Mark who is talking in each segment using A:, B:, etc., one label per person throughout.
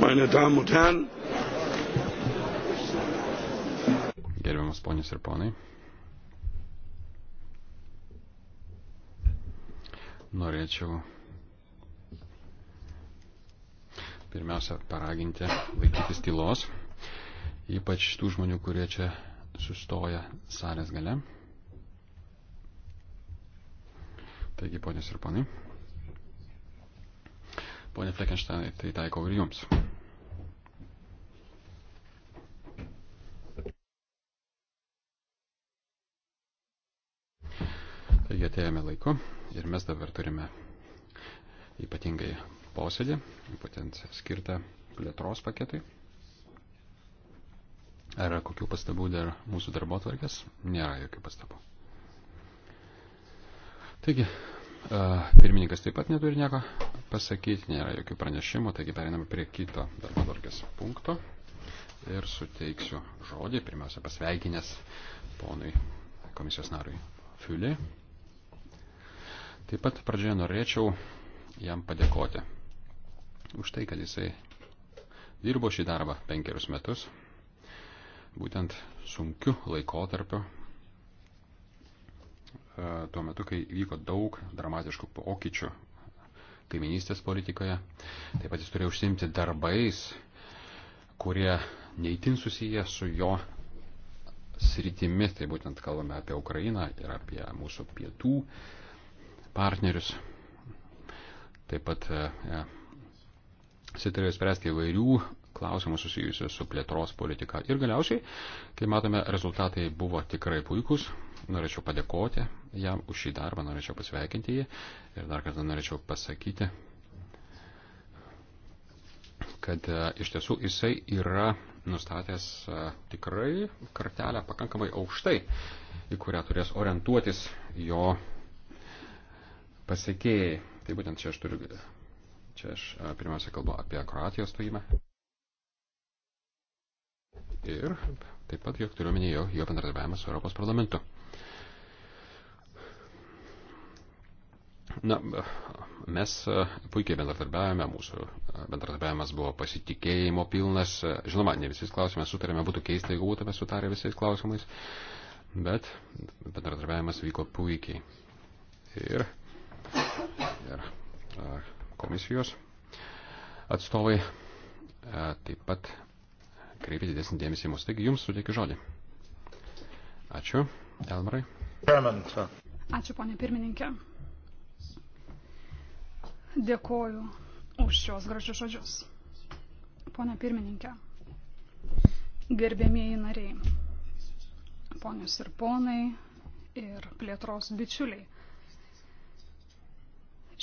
A: Meine Damen und Herren. Gerbiamas ponios ir ponai. Norėčiau pirmiausia paraginti laikytis tylos, ypač tų žmonių, kurie čia sustoja salės gale. Taigi, ponios ir ponai. Pone Fleckensteinai, tai taikau ir jums. Taigi atėjome laiku ir mes dabar turime ypatingai posėdį, būtent skirtą plėtros paketui. Ar kokių pastabų dar mūsų darbo tvarkės? Nėra jokių pastabų. Taigi, e, pirmininkas taip pat neturi nieko pasakyti, nėra jokių pranešimų, taigi periname prie kito darbo tvarkės punkto ir suteiksiu žodį, pirmiausia pasveikinęs ponui komisijos nariui Fiulį. Taip pat pradžioje norėčiau jam padėkoti už tai, kad jisai dirbo šį darbą penkerius metus, būtent sunkiu laikotarpiu E, tuo metu, kai vyko daug dramatiškų pokyčių kaiminystės politikoje. Taip pat jis turėjo užsimti darbais, kurie neįtin susiję su jo sritimi, tai būtent kalbame apie Ukrainą ir apie mūsų pietų partnerius. Taip pat e, e, ja, sitarėjo spręsti įvairių klausimų susijusių su plėtros politika. Ir galiausiai, kai matome, rezultatai buvo tikrai puikus, norėčiau padėkoti jam už šį darbą, norėčiau pasveikinti jį ir dar kartą norėčiau pasakyti, kad e, iš tiesų jisai yra nustatęs e, tikrai kartelę pakankamai aukštai, į kurią turės orientuotis jo pasiekėjai. Tai būtent čia aš turiu, čia aš e, pirmiausia kalbu apie Kroatijos stojimą. Ir taip pat, kiek turiu minėjau, jo bendradarbiavimą su Europos parlamentu. Na, mes e, puikiai bendradarbiavome, mūsų e, bendradarbiavimas buvo pasitikėjimo pilnas. E, žinoma, ne visais klausimais sutarėme, būtų keista, jeigu būtume sutarę visais klausimais, bet bendradarbiavimas vyko puikiai. Ir, ir komisijos atstovai taip pat kreipia didesnį dėmesį į mus. Taigi jums suteikiu žodį. Ačiū, Elmarai.
B: Ačiū, ponė pirmininkė. Dėkoju už šios gražius žodžius. Pone pirmininkė, gerbėmieji nariai, ponius ir ponai ir plėtros bičiuliai.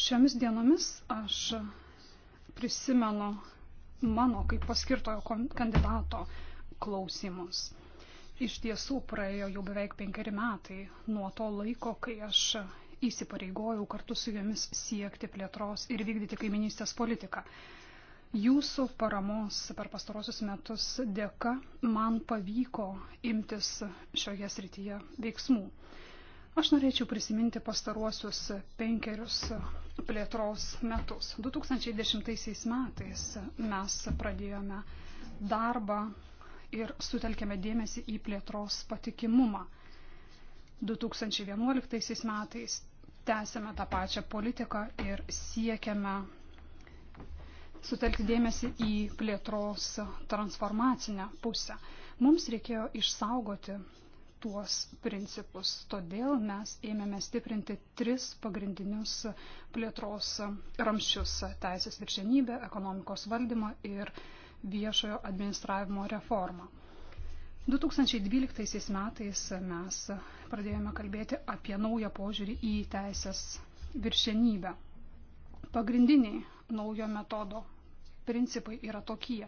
B: Šiomis dienomis aš prisimenu mano kaip paskirtojo kandidato klausimus. Iš tiesų praėjo jau beveik penkeri metai nuo to laiko, kai aš įsipareigojau kartu su jomis siekti plėtros ir vykdyti kaiminystės politiką. Jūsų paramos per pastarosius metus dėka man pavyko imtis šioje srityje veiksmų. Aš norėčiau prisiminti pastaruosius penkerius plėtros metus. 2010 metais mes pradėjome darbą ir sutelkėme dėmesį į plėtros patikimumą. 2011 metais tęsėme tą pačią politiką ir siekiame sutelkti dėmesį į plėtros transformacinę pusę. Mums reikėjo išsaugoti tuos principus. Todėl mes ėmėme stiprinti tris pagrindinius plėtros ramščius - teisės viršenybę, ekonomikos valdymą ir viešojo administravimo reformą. 2012 metais mes pradėjome kalbėti apie naują požiūrį į teisės viršenybę. Pagrindiniai naujo metodo principai yra tokie.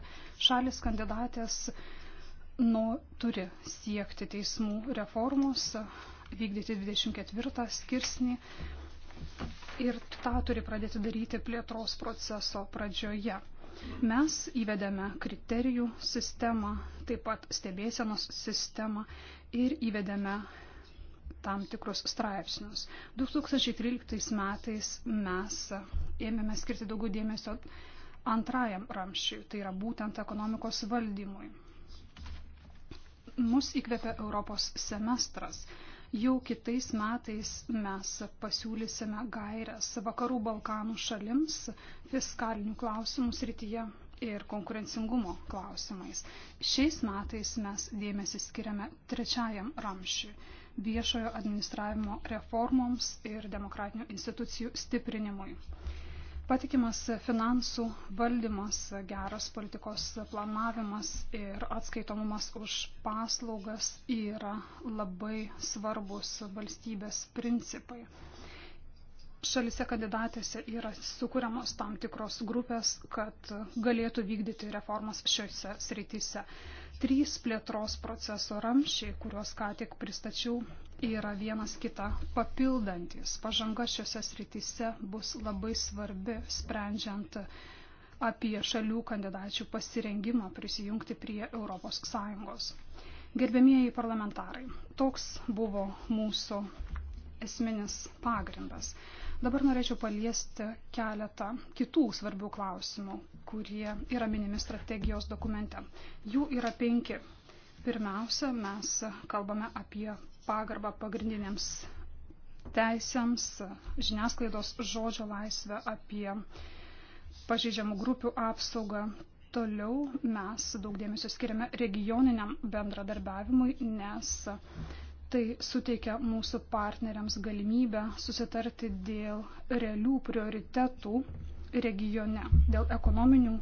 B: Šalis kandidatės nu, turi siekti teismų reformos, vykdyti 24 skirsnį ir tą turi pradėti daryti plėtros proceso pradžioje. Mes įvedėme kriterijų sistemą, taip pat stebėsenos sistemą ir įvedėme tam tikrus straipsnius. 2013 metais mes ėmėme skirti daugiau dėmesio antrajam ramščiui, tai yra būtent ekonomikos valdymui. Mus įkvėpia Europos semestras. Jau kitais metais mes pasiūlysime gairias Vakarų Balkanų šalims fiskalinių klausimų srityje ir konkurencingumo klausimais. Šiais metais mes dėmesį skiriame trečiajam ramšiui - viešojo administravimo reformoms ir demokratinių institucijų stiprinimui. Patikimas finansų valdymas, geras politikos planavimas ir atskaitomumas už paslaugas yra labai svarbus valstybės principai. Šalise kandidatėse yra sukūriamos tam tikros grupės, kad galėtų vykdyti reformas šiuose srityse. Trys plėtros proceso ramšiai, kuriuos ką tik pristačiau, yra vienas kitą papildantis. Pažanga šiuose srityse bus labai svarbi, sprendžiant apie šalių kandidačių pasirengimą prisijungti prie ES. Gerbėmieji parlamentarai, toks buvo mūsų esminis pagrindas. Dabar norėčiau paliesti keletą kitų svarbių klausimų, kurie yra minimi strategijos dokumente. Jų yra penki. Pirmiausia, mes kalbame apie pagarbą pagrindiniams teisėms, žiniasklaidos žodžio laisvę, apie pažeidžiamų grupių apsaugą. Toliau mes daug dėmesio skiriame regioniniam bendradarbiavimui, nes tai suteikia mūsų partneriams galimybę susitarti dėl realių prioritetų regione, dėl ekonominių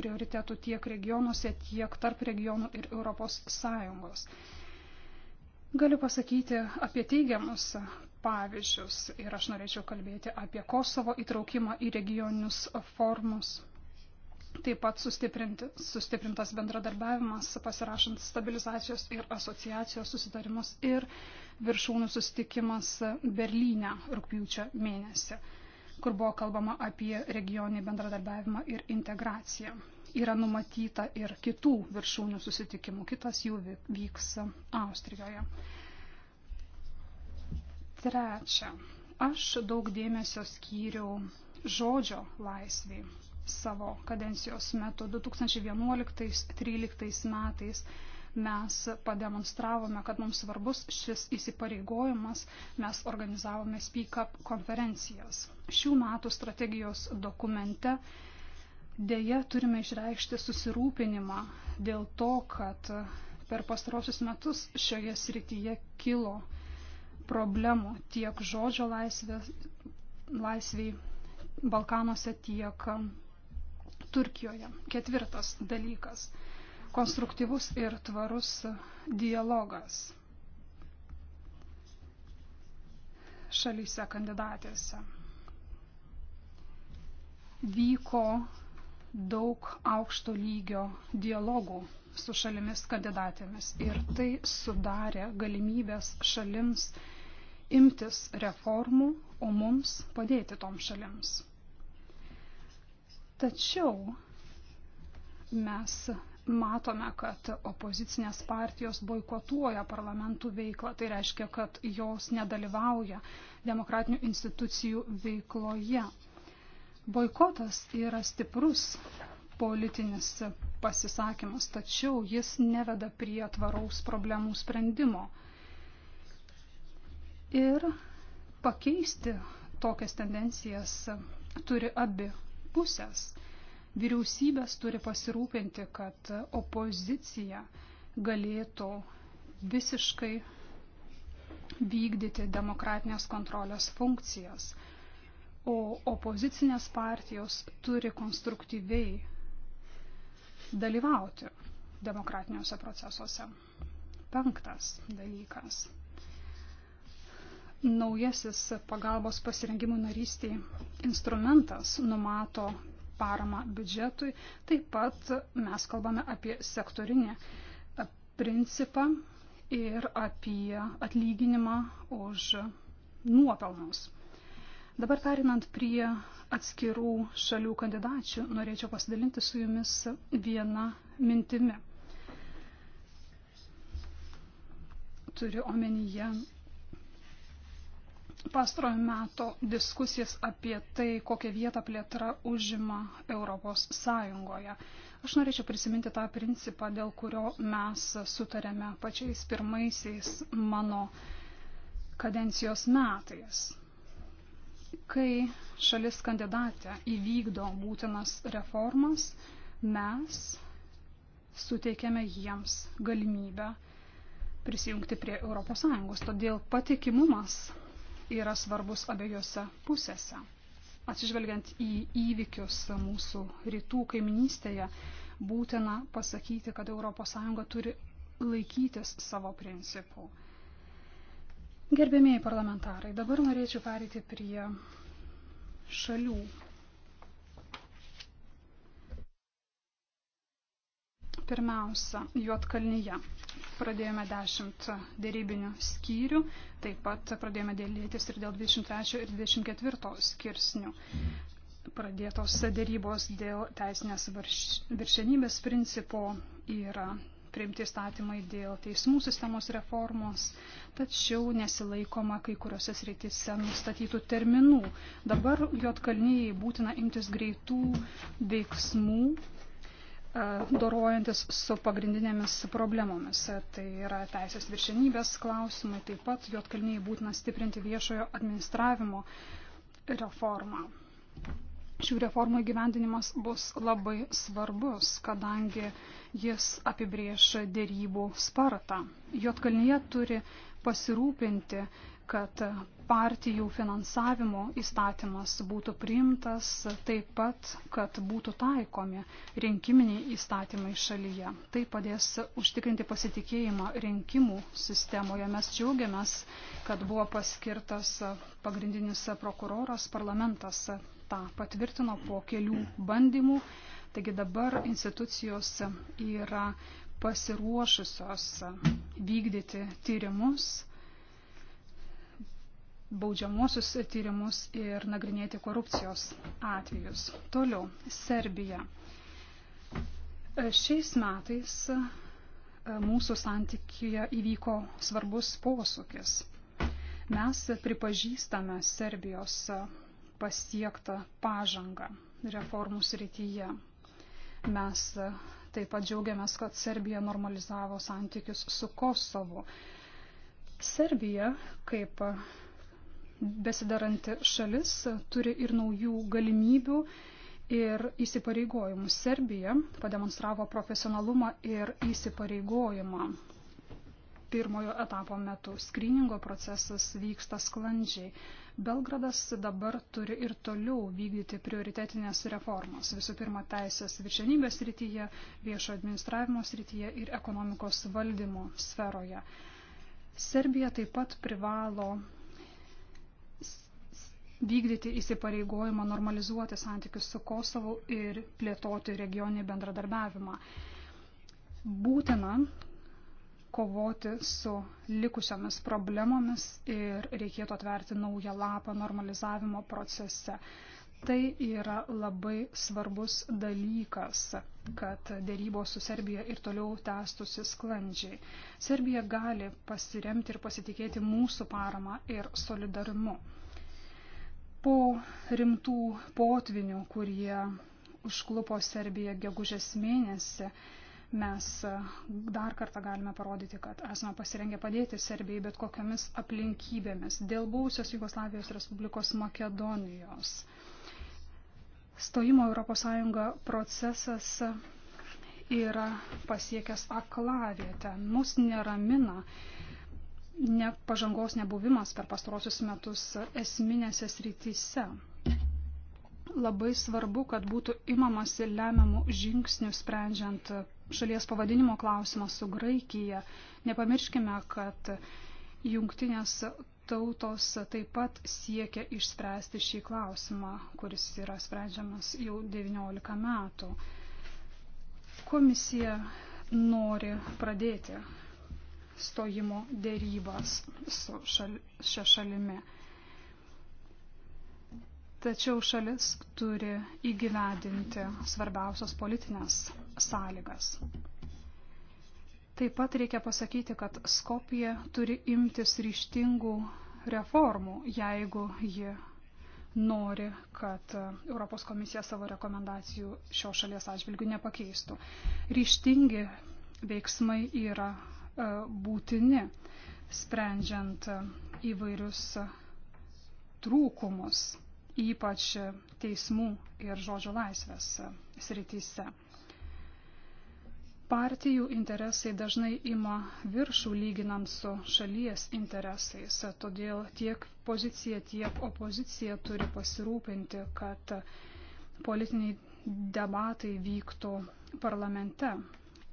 B: prioritetų tiek regionuose, tiek tarp regionų ir Europos Sąjungos. Galiu pasakyti apie teigiamus pavyzdžius ir aš norėčiau kalbėti apie Kosovo įtraukimą į regioninius formus. Taip pat sustiprintas bendradarbiavimas, pasirašant stabilizacijos ir asociacijos susitarimus ir viršūnų susitikimas Berlyne rūpjūčio mėnesį, kur buvo kalbama apie regioninį bendradarbiavimą ir integraciją yra numatyta ir kitų viršūnių susitikimų. Kitas jų vyks Austrijoje. Trečia. Aš daug dėmesio skyriau žodžio laisvį savo kadencijos metu 2011-2013 metais mes pademonstravome, kad mums svarbus šis įsipareigojimas, mes organizavome speak-up konferencijas. Šių metų strategijos dokumente Deja, turime išreikšti susirūpinimą dėl to, kad per pastarosius metus šioje srityje kilo problemų tiek žodžio laisvė, laisviai Balkanuose, tiek Turkijoje. Ketvirtas dalykas - konstruktyvus ir tvarus dialogas šalyse kandidatėse. Vyko daug aukšto lygio dialogų su šalimis kandidatėmis ir tai sudarė galimybės šalims imtis reformų, o mums padėti toms šalims. Tačiau mes matome, kad opozicinės partijos boikotuoja parlamentų veiklą. Tai reiškia, kad jos nedalyvauja demokratinių institucijų veikloje. Boikotas yra stiprus politinis pasisakymas, tačiau jis neveda prie tvaraus problemų sprendimo. Ir pakeisti tokias tendencijas turi abi pusės. Vyriausybės turi pasirūpinti, kad opozicija galėtų visiškai vykdyti demokratinės kontrolės funkcijas o opozicinės partijos turi konstruktyviai dalyvauti demokratiniuose procesuose. Penktas dalykas. Naujasis pagalbos pasirengimų narystiai instrumentas numato paramą biudžetui. Taip pat mes kalbame apie sektorinį principą ir apie atlyginimą už nuopelnus. Dabar perinant prie atskirų šalių kandidačių, norėčiau pasidalinti su jumis vieną mintimį. Turiu omenyje pastarojo meto diskusijas apie tai, kokią vietą plėtra užima Europos Sąjungoje. Aš norėčiau prisiminti tą principą, dėl kurio mes sutarėme pačiais pirmaisiais mano kadencijos metais. Kai šalis kandidatė įvykdo būtinas reformas, mes suteikiame jiems galimybę prisijungti prie ES. Todėl patikimumas yra svarbus abiejose pusėse. Atsižvelgiant į įvykius mūsų rytų kaiminystėje, būtina pasakyti, kad ES turi laikytis savo principų. Gerbėmėjai parlamentarai, dabar norėčiau pereiti prie šalių. Pirmiausia, Juotkalnyje pradėjome 10 dėrybinių skyrių, taip pat pradėjome dėlėtis ir dėl 23 ir 24 skirsnių. Pradėtos dėrybos dėl teisinės virš, viršenybės principo yra priimti įstatymai dėl teismų sistemos reformos, tačiau nesilaikoma kai kuriuose srityse nustatytų terminų. Dabar juotkalnyjei būtina imtis greitų veiksmų, e, dorojantis su pagrindinėmis problemomis. Tai yra teisės viršenybės klausimai, taip pat juotkalnyjei būtina stiprinti viešojo administravimo reformą šių reformų gyvendinimas bus labai svarbus, kadangi jis apibrieš dėrybų spartą. Jotkalnyje turi pasirūpinti, kad partijų finansavimo įstatymas būtų priimtas, taip pat, kad būtų taikomi rinkiminiai įstatymai šalyje. Tai padės užtikrinti pasitikėjimą rinkimų sistemoje. Mes džiaugiamės, kad buvo paskirtas pagrindinis prokuroras, parlamentas tą patvirtino po kelių bandymų. Taigi dabar institucijos yra pasiruošusios vykdyti tyrimus, baudžiamuosius tyrimus ir nagrinėti korupcijos atvejus. Toliau, Serbija. Šiais metais mūsų santykėje įvyko svarbus posūkis. Mes pripažįstame Serbijos pasiektą pažangą reformų srityje. Mes e, taip pat džiaugiamės, kad Serbija normalizavo santykius su Kosovu. Serbija, kaip e, besidaranti šalis, turi ir naujų galimybių ir įsipareigojimų. Serbija pademonstravo profesionalumą ir įsipareigojimą. Pirmojo etapo metu skryningo procesas vyksta sklandžiai. Belgradas dabar turi ir toliau vykdyti prioritetinės reformas. Visų pirma, teisės viršenybės rytyje, viešo administravimo srityje ir ekonomikos valdymo sferoje. Serbija taip pat privalo vykdyti įsipareigojimą normalizuoti santykius su Kosovu ir plėtoti regioninį bendradarbiavimą. Būtina, kovoti su likusiamis problemomis ir reikėtų atverti naują lapą normalizavimo procese. Tai yra labai svarbus dalykas, kad dėrybos su Serbija ir toliau tęstusi sklandžiai. Serbija gali pasiremti ir pasitikėti mūsų parama ir solidarimu. Po rimtų potvinių, kurie užklupo Serbiją gegužės mėnesį, mes e, dar kartą galime parodyti, kad esame pasirengę padėti Serbijai bet kokiamis aplinkybėmis dėl buvusios Jugoslavijos Respublikos Makedonijos. Stojimo ES procesas yra pasiekęs aklavietę. Mus neramina ne pažangos nebuvimas per pastarosius metus esminėse srityse. Labai svarbu, kad būtų imamasi lemiamų žingsnių sprendžiant šalies pavadinimo klausimą su Graikija. Nepamirškime, kad jungtinės tautos taip pat siekia išspręsti šį klausimą, kuris yra sprendžiamas jau 19 metų. Komisija nori pradėti stojimo dėrybas su šal, šia šalimi. Tačiau šalis turi įgyvendinti svarbiausios politinės sąlygas. Taip pat reikia pasakyti, kad Skopija turi imtis ryštingų reformų, jeigu ji nori, kad Europos komisija savo rekomendacijų šio šalies atžvilgių nepakeistų. Ryštingi veiksmai yra e, būtini, sprendžiant įvairius trūkumus ypač teismų ir žodžio laisvės srityse. Partijų interesai dažnai ima viršų lyginant su šalies interesais, todėl tiek pozicija, tiek opozicija turi pasirūpinti, kad politiniai debatai vyktų parlamente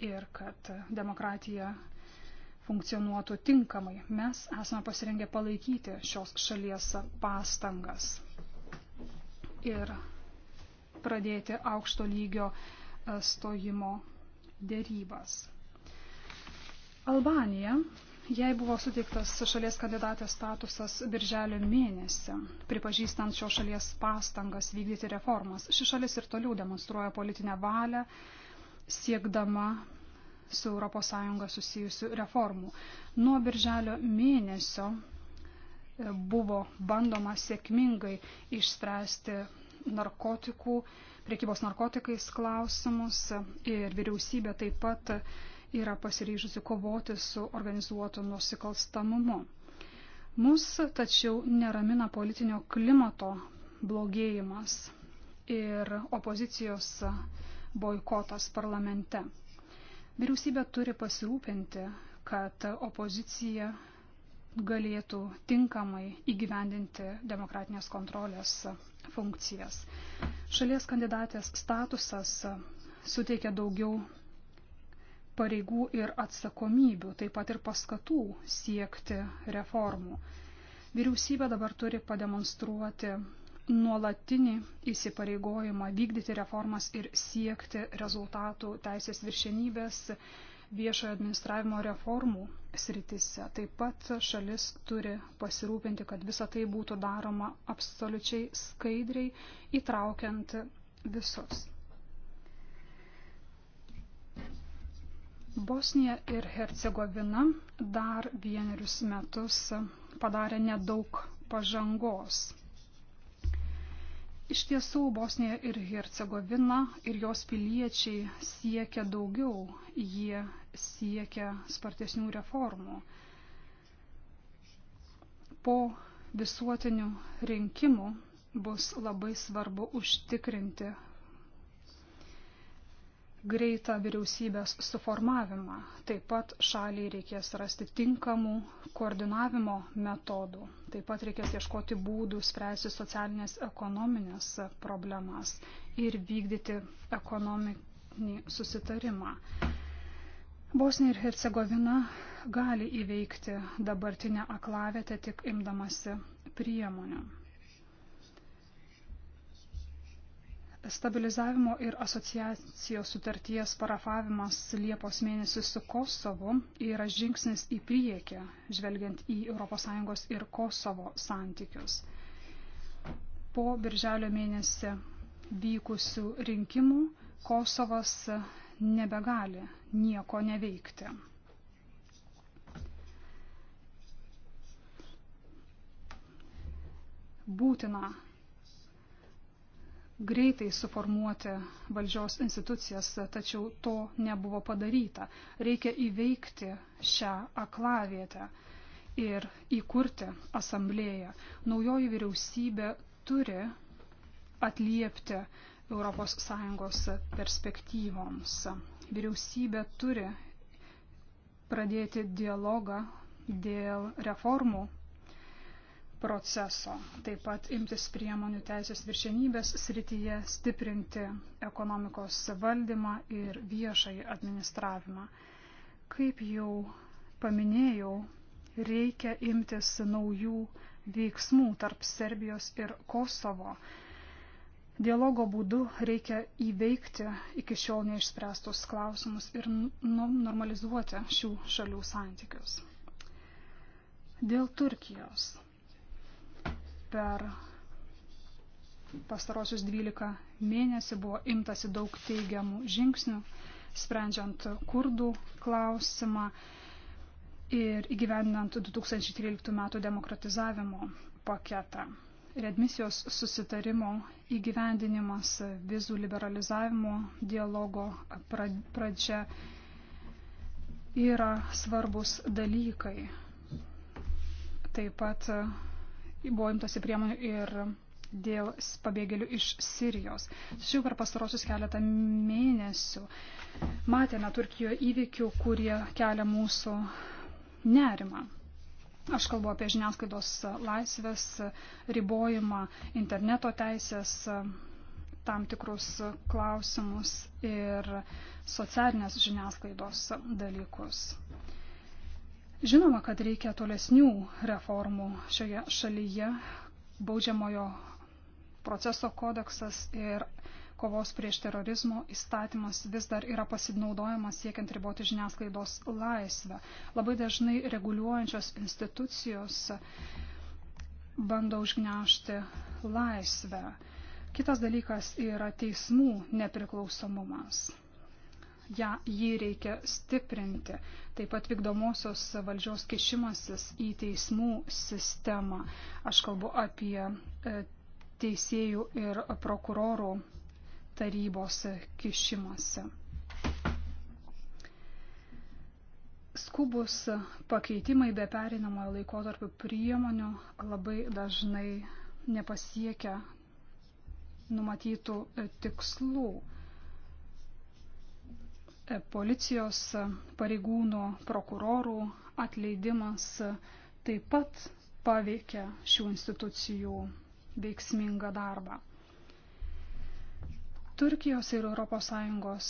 B: ir kad demokratija funkcionuotų tinkamai. Mes esame pasirengę palaikyti šios šalies pastangas ir pradėti aukšto lygio e, stojimo dėrybas. Albanija, jai buvo suteiktas šalies kandidatės statusas birželio mėnesį, pripažįstant šios šalies pastangas vykdyti reformas. Ši šalis ir toliau demonstruoja politinę valią, siekdama su ES susijusių reformų. Nuo birželio mėnesio buvo bandoma sėkmingai išspręsti narkotikų, priekybos narkotikais klausimus ir vyriausybė taip pat yra pasiryžusi kovoti su organizuotu nusikalstamumu. Mus tačiau neramina politinio klimato blogėjimas ir opozicijos boikotas parlamente. Vyriausybė turi pasirūpinti, kad opozicija galėtų tinkamai įgyvendinti demokratinės kontrolės funkcijas. Šalies kandidatės statusas suteikia daugiau pareigų ir atsakomybių, taip pat ir paskatų siekti reformų. Vyriausybė dabar turi pademonstruoti nuolatinį įsipareigojimą vykdyti reformas ir siekti rezultatų teisės viršenybės, viešojo administravimo reformų sritise. Taip pat šalis turi pasirūpinti, kad visa tai būtų daroma absoliučiai skaidriai, įtraukiant visus. Bosnija ir Hercegovina dar vienerius metus padarė nedaug pažangos Iš tiesų, Bosnija ir Hercegovina ir jos piliečiai siekia daugiau, jie siekia spartesnių reformų. Po visuotinių rinkimų bus labai svarbu užtikrinti greitą vyriausybės suformavimą. Taip pat šaliai reikės rasti tinkamų koordinavimo metodų. Taip pat reikės ieškoti būdų spręsti socialinės ekonominės problemas ir vykdyti ekonominį susitarimą. Bosnija ir Hercegovina gali įveikti dabartinę aklavietę tik imdamasi priemonių. Stabilizavimo ir asociacijos sutarties parafavimas Liepos mėnesį su Kosovu yra žingsnis į priekį, žvelgiant į ES ir Kosovo santykius. Po birželio mėnesį vykusių rinkimų Kosovas nebegali nieko neveikti. Būtina greitai suformuoti valdžios institucijas, tačiau to nebuvo padaryta. Reikia įveikti šią aklavietę ir įkurti asamblėją. Naujoji vyriausybė turi atliepti ES perspektyvoms. Vyriausybė turi pradėti dialogą dėl reformų proceso, taip pat imtis priemonių teisės viršenybės srityje, stiprinti ekonomikos valdymą ir viešai administravimą. Kaip jau paminėjau, reikia imtis naujų veiksmų tarp Serbijos ir Kosovo. Dialogo būdu reikia įveikti iki šiol neišspręstus klausimus ir nu, normalizuoti šių šalių santykius. Dėl Turkijos per pastarosius 12 mėnesių buvo imtasi daug teigiamų žingsnių, sprendžiant kurdų klausimą ir įgyvendinant 2013 m. demokratizavimo paketą. Redmisijos susitarimo įgyvendinimas, vizų liberalizavimo dialogo pradžia yra svarbus dalykai. Taip pat buvo imtasi priemonių ir dėl pabėgėlių iš Sirijos. Tačiau per pastarosius keletą mėnesių matėme Turkijoje įvykių, kurie kelia mūsų nerimą. Aš kalbu apie žiniasklaidos laisvės ribojimą, interneto teisės tam tikrus klausimus ir socialinės žiniasklaidos dalykus. Žinoma, kad reikia tolesnių reformų šioje šalyje. Baudžiamojo proceso kodeksas ir kovos prieš terorizmo įstatymas vis dar yra pasinaudojamas siekiant riboti žiniasklaidos laisvę. Labai dažnai reguliuojančios institucijos bando užgnešti laisvę. Kitas dalykas yra teismų nepriklausomumas ja, jį reikia stiprinti. Taip pat vykdomosios valdžios kešimasis į teismų sistemą. Aš kalbu apie e, teisėjų ir prokurorų tarybos kešimasi. Skubus pakeitimai be perinamojo laikotarpio priemonių labai dažnai nepasiekia numatytų e, tikslų policijos pareigūnų, prokurorų atleidimas taip pat paveikia šių institucijų veiksmingą darbą. Turkijos ir ES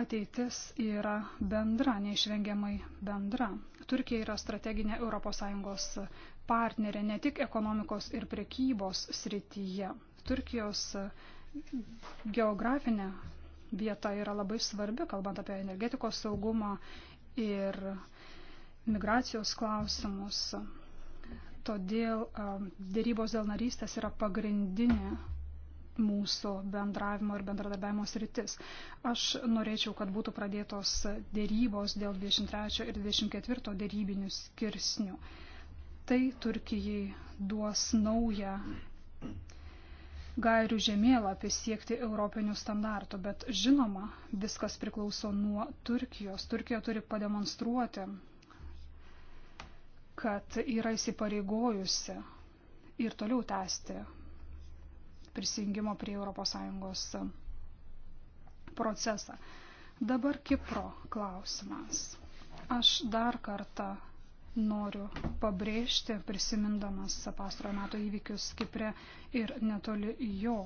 B: ateitis yra bendra, neišvengiamai bendra. Turkija yra strateginė ES partnerė ne tik ekonomikos ir prekybos srityje. Turkijos geografinė vieta yra labai svarbi, kalbant apie energetikos saugumą ir migracijos klausimus. Todėl um, dėrybos dėl narystės yra pagrindinė mūsų bendravimo ir bendradarbiavimo sritis. Aš norėčiau, kad būtų pradėtos dėrybos dėl 23 ir 24 dėrybinių skirsnių. Tai Turkijai duos naują gairių žemėlapį siekti europinių standartų, bet žinoma, viskas priklauso nuo Turkijos. Turkija turi pademonstruoti, kad yra įsipareigojusi ir toliau tęsti prisijungimo prie ES procesą. Dabar Kipro klausimas. Aš dar kartą noriu pabrėžti, prisimindamas pastarojo metų įvykius Kipre ir netoli jo.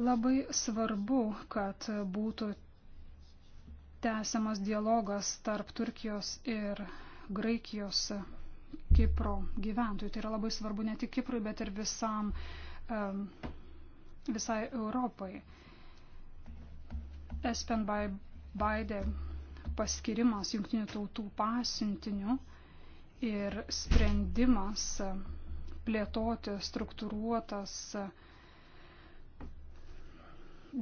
B: Labai svarbu, kad būtų tęsiamas dialogas tarp Turkijos ir Graikijos Kipro gyventojų. Tai yra labai svarbu ne tik Kiprui, bet ir visam, visai Europai. Espen Baidė paskirimas jungtinių tautų pasiuntiniu ir sprendimas plėtoti struktūruotas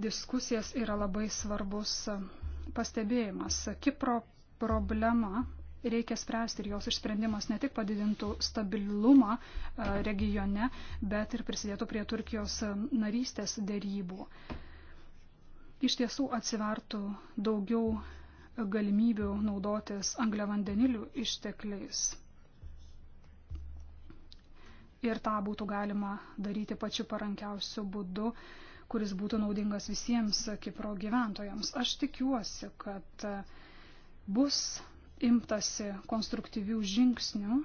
B: diskusijas yra labai svarbus pastebėjimas. Kipro problema reikia spręsti ir jos išsprendimas ne tik padidintų stabilumą e, regione, bet ir prisidėtų prie Turkijos narystės dėrybų. Iš tiesų atsivertų daugiau galimybių naudotis angliavandenilių ištekliais. Ir tą būtų galima daryti pačiu parankiausiu būdu, kuris būtų naudingas visiems Kipro gyventojams. Aš tikiuosi, kad bus imtasi konstruktyvių žingsnių,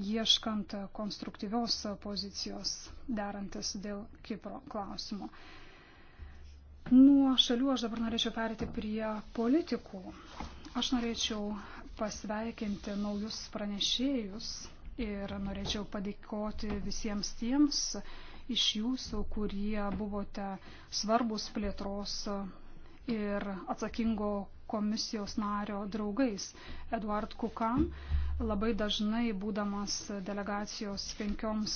B: ieškant konstruktyvios pozicijos derantis dėl Kipro klausimo. Nuo šalių aš dabar norėčiau perėti prie politikų. Aš norėčiau pasveikinti naujus pranešėjus ir norėčiau padėkoti visiems tiems iš jūsų, kurie buvote svarbus plėtros ir atsakingo komisijos nario draugais. Eduard Kukan labai dažnai būdamas delegacijos penkioms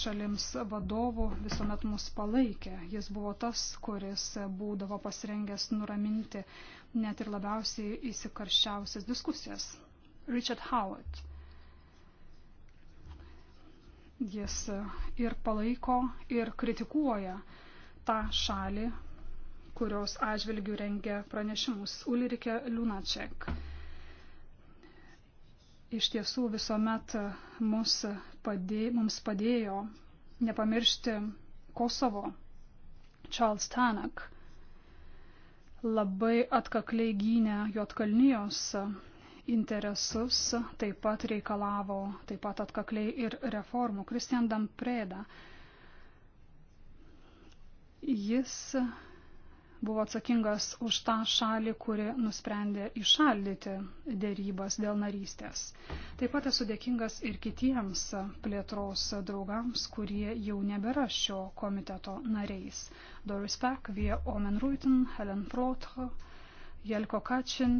B: šalims vadovų visuomet mus palaikė. Jis buvo tas, kuris būdavo pasirengęs nuraminti net ir labiausiai įsikarščiausias diskusijas. Richard Howard. Jis ir palaiko, ir kritikuoja tą šalį, kurios atžvilgių rengia pranešimus. Ulrike Liunaček. Iš tiesų visuomet mus padė, mums padėjo nepamiršti Kosovo. Charles Tanak labai atkakliai gynė Jotkalnijos interesus, taip pat reikalavo, taip pat atkakliai ir reformų. Kristian Dampreda. Jis buvo atsakingas už tą šalį, kuri nusprendė išaldyti dėrybas dėl narystės. Taip pat esu dėkingas ir kitiems plėtros draugams, kurie jau nebėra šio komiteto nariais. Doris Peck, Vie Omen Ruitin, Helen Protho, Jelko Kačin,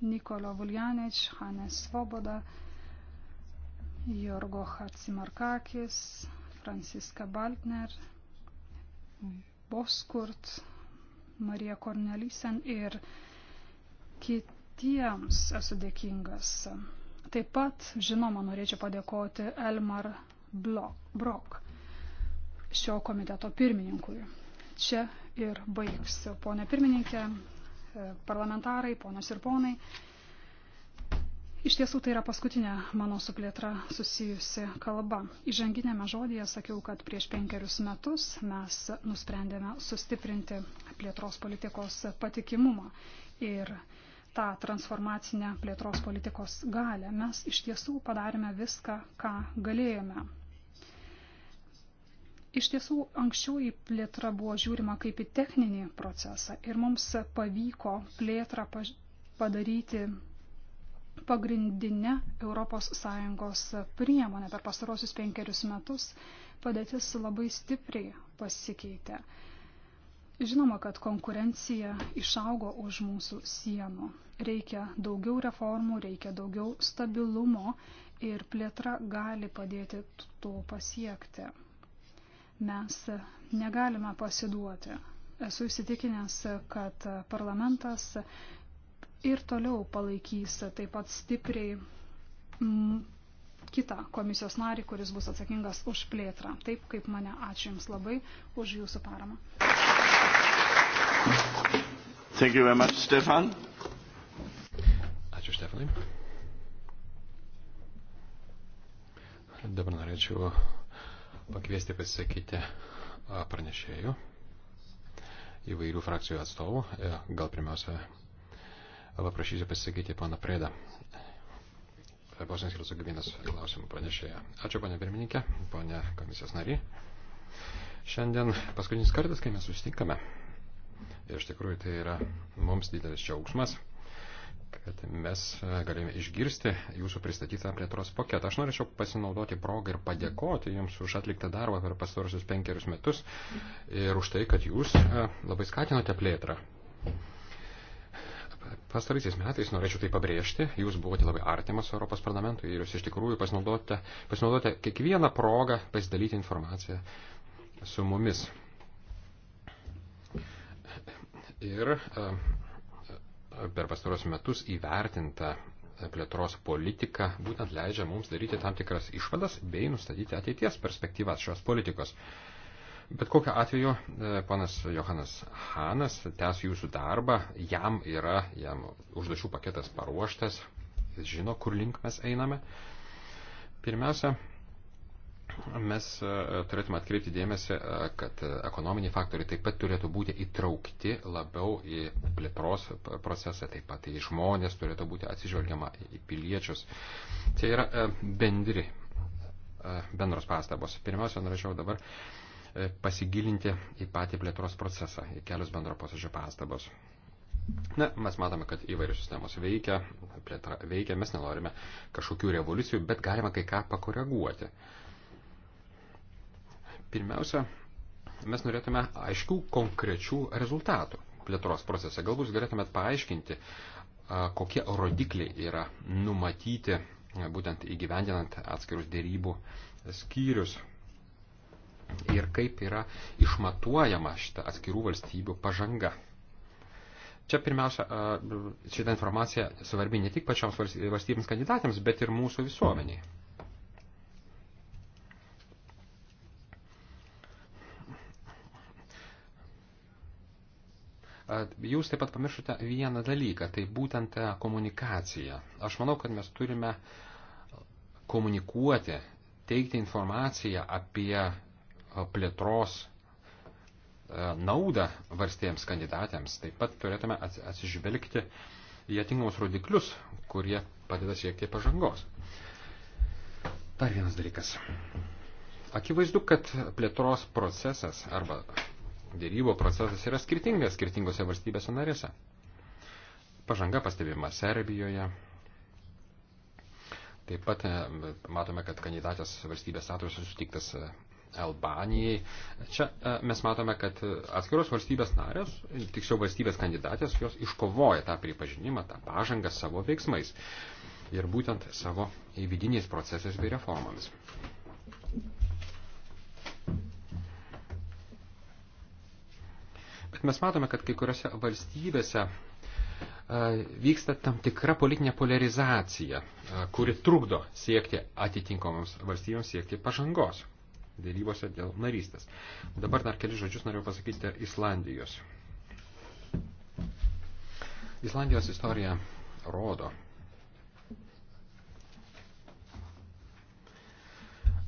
B: Nikolo Vuljanič, Hanes Svoboda, Jorgo Hatsimarkakis, Franciska Baltner, Boskurt, Marija Kornelysen ir kitiems esu dėkingas. Taip pat, žinoma, norėčiau padėkoti Elmar Brok, šio komiteto pirmininkui. Čia ir baigsiu. Pone pirmininkė, parlamentarai, ponios ir ponai. Iš tiesų tai yra paskutinė mano su plėtra susijusi kalba. Įžanginėme žodėje sakiau, kad prieš penkerius metus mes nusprendėme sustiprinti plėtros politikos patikimumą ir tą transformacinę plėtros politikos galę. Mes iš tiesų padarėme viską, ką galėjome. Iš tiesų, anksčiau į plėtrą buvo žiūrima kaip į techninį procesą ir mums pavyko plėtrą padaryti pagrindinė ES priemonė per pastarosius penkerius metus padėtis labai stipriai pasikeitė. Žinoma, kad konkurencija išaugo už mūsų sienų. Reikia daugiau reformų, reikia daugiau stabilumo ir plėtra gali padėti to pasiekti. Mes negalime pasiduoti. Esu įsitikinęs, kad parlamentas ir toliau palaikys taip pat stipriai mm, kitą komisijos narį, kuris bus atsakingas už plėtrą. Taip kaip mane. Ačiū Jums labai už Jūsų paramą. Thank you very much, Stefan. Ačiū,
A: Stefanai. Dabar norėčiau pakviesti pasisakyti pranešėjų įvairių frakcijų atstovų. E, gal pirmiausia Paprašysiu pasisakyti pana Prėdą. Bosnijos ir Hercegovinos klausimų pranešėja. Ačiū, ponė pirmininkė, ponė komisijos nariai. Šiandien paskutinis kartas, kai mes susitinkame, ir iš tikrųjų tai yra mums didelis džiaugsmas, kad mes e, galime išgirsti jūsų pristatytą plėtros paketą. Aš norėčiau pasinaudoti progą ir padėkoti jums už atliktą darbą per pastarosius penkerius metus ir už tai, kad jūs e, labai skatinote plėtrą. Pastaraisiais metais, norėčiau tai pabrėžti, jūs buvote labai artimas Europos parlamentui ir jūs iš tikrųjų pasinaudote, pasinaudote kiekvieną progą pasidalyti informaciją su mumis. Ir e, per pastaros metus įvertinta plėtros politika būtent leidžia mums daryti tam tikras išvadas bei nustatyti ateities perspektyvas šios politikos. Uh, Bet kokiu atveju, e, panas Johanas Hanas tęs jūsų darbą, jam yra, jam užduočių paketas paruoštas, jis žino, kur link mes einame. Pirmiausia, mes e, turėtume atkreipti dėmesį, e, kad ekonominiai faktoriai taip pat turėtų būti įtraukti labiau į plėtros procesą, taip pat į žmonės turėtų būti atsižvelgiama į piliečius. Tai yra bendri, bendros pastabos. Pirmiausia, norėčiau dabar E, pasigilinti į patį plėtros procesą, į kelius bendro posėdžio pastabos. Na, mes matome, kad įvairios sistemos veikia, plėtra veikia, mes nenorime kažkokių revoliucijų, bet galima kai ką pakoreguoti. Pirmiausia, mes norėtume aiškių, konkrečių rezultatų plėtros procese. Galbūt galėtumėt paaiškinti, kokie rodikliai yra numatyti būtent įgyvendinant atskirus dėrybų skyrius ir kaip yra išmatuojama šita atskirų valstybių pažanga. Čia pirmiausia, šitą informaciją svarbi ne tik pačioms valstybėms kandidatėms, bet ir mūsų visuomeniai. Jūs taip pat pamiršote vieną dalyką, tai būtent komunikacija. Aš manau, kad mes turime komunikuoti, teikti informaciją apie plėtros e, naudą varstėjams kandidatėms, taip pat turėtume atsižvelgti į atingamus rodiklius, kurie padeda siekti pažangos. Dar vienas dalykas. Akivaizdu, kad plėtros procesas arba dėrybo procesas yra skirtingas skirtingose valstybėse narėse. Pažanga pastebima Serbijoje. Taip pat e, matome, kad kandidatės valstybės statusas sutiktas e, Albanijai. Čia e, mes matome, kad e, atskiros valstybės narės, tiksliau valstybės kandidatės, jos iškovoja tą pripažinimą, tą pažangą savo veiksmais ir būtent savo įvidiniais procesais bei reformomis. Bet mes matome, kad kai kuriuose valstybėse e, vyksta tam tikra politinė polarizacija, kuri trukdo siekti atitinkomoms valstybėms siekti pažangos dėrybose dėl narystės. Dabar dar keli žodžius noriu pasakyti Islandijos. Islandijos istorija rodo,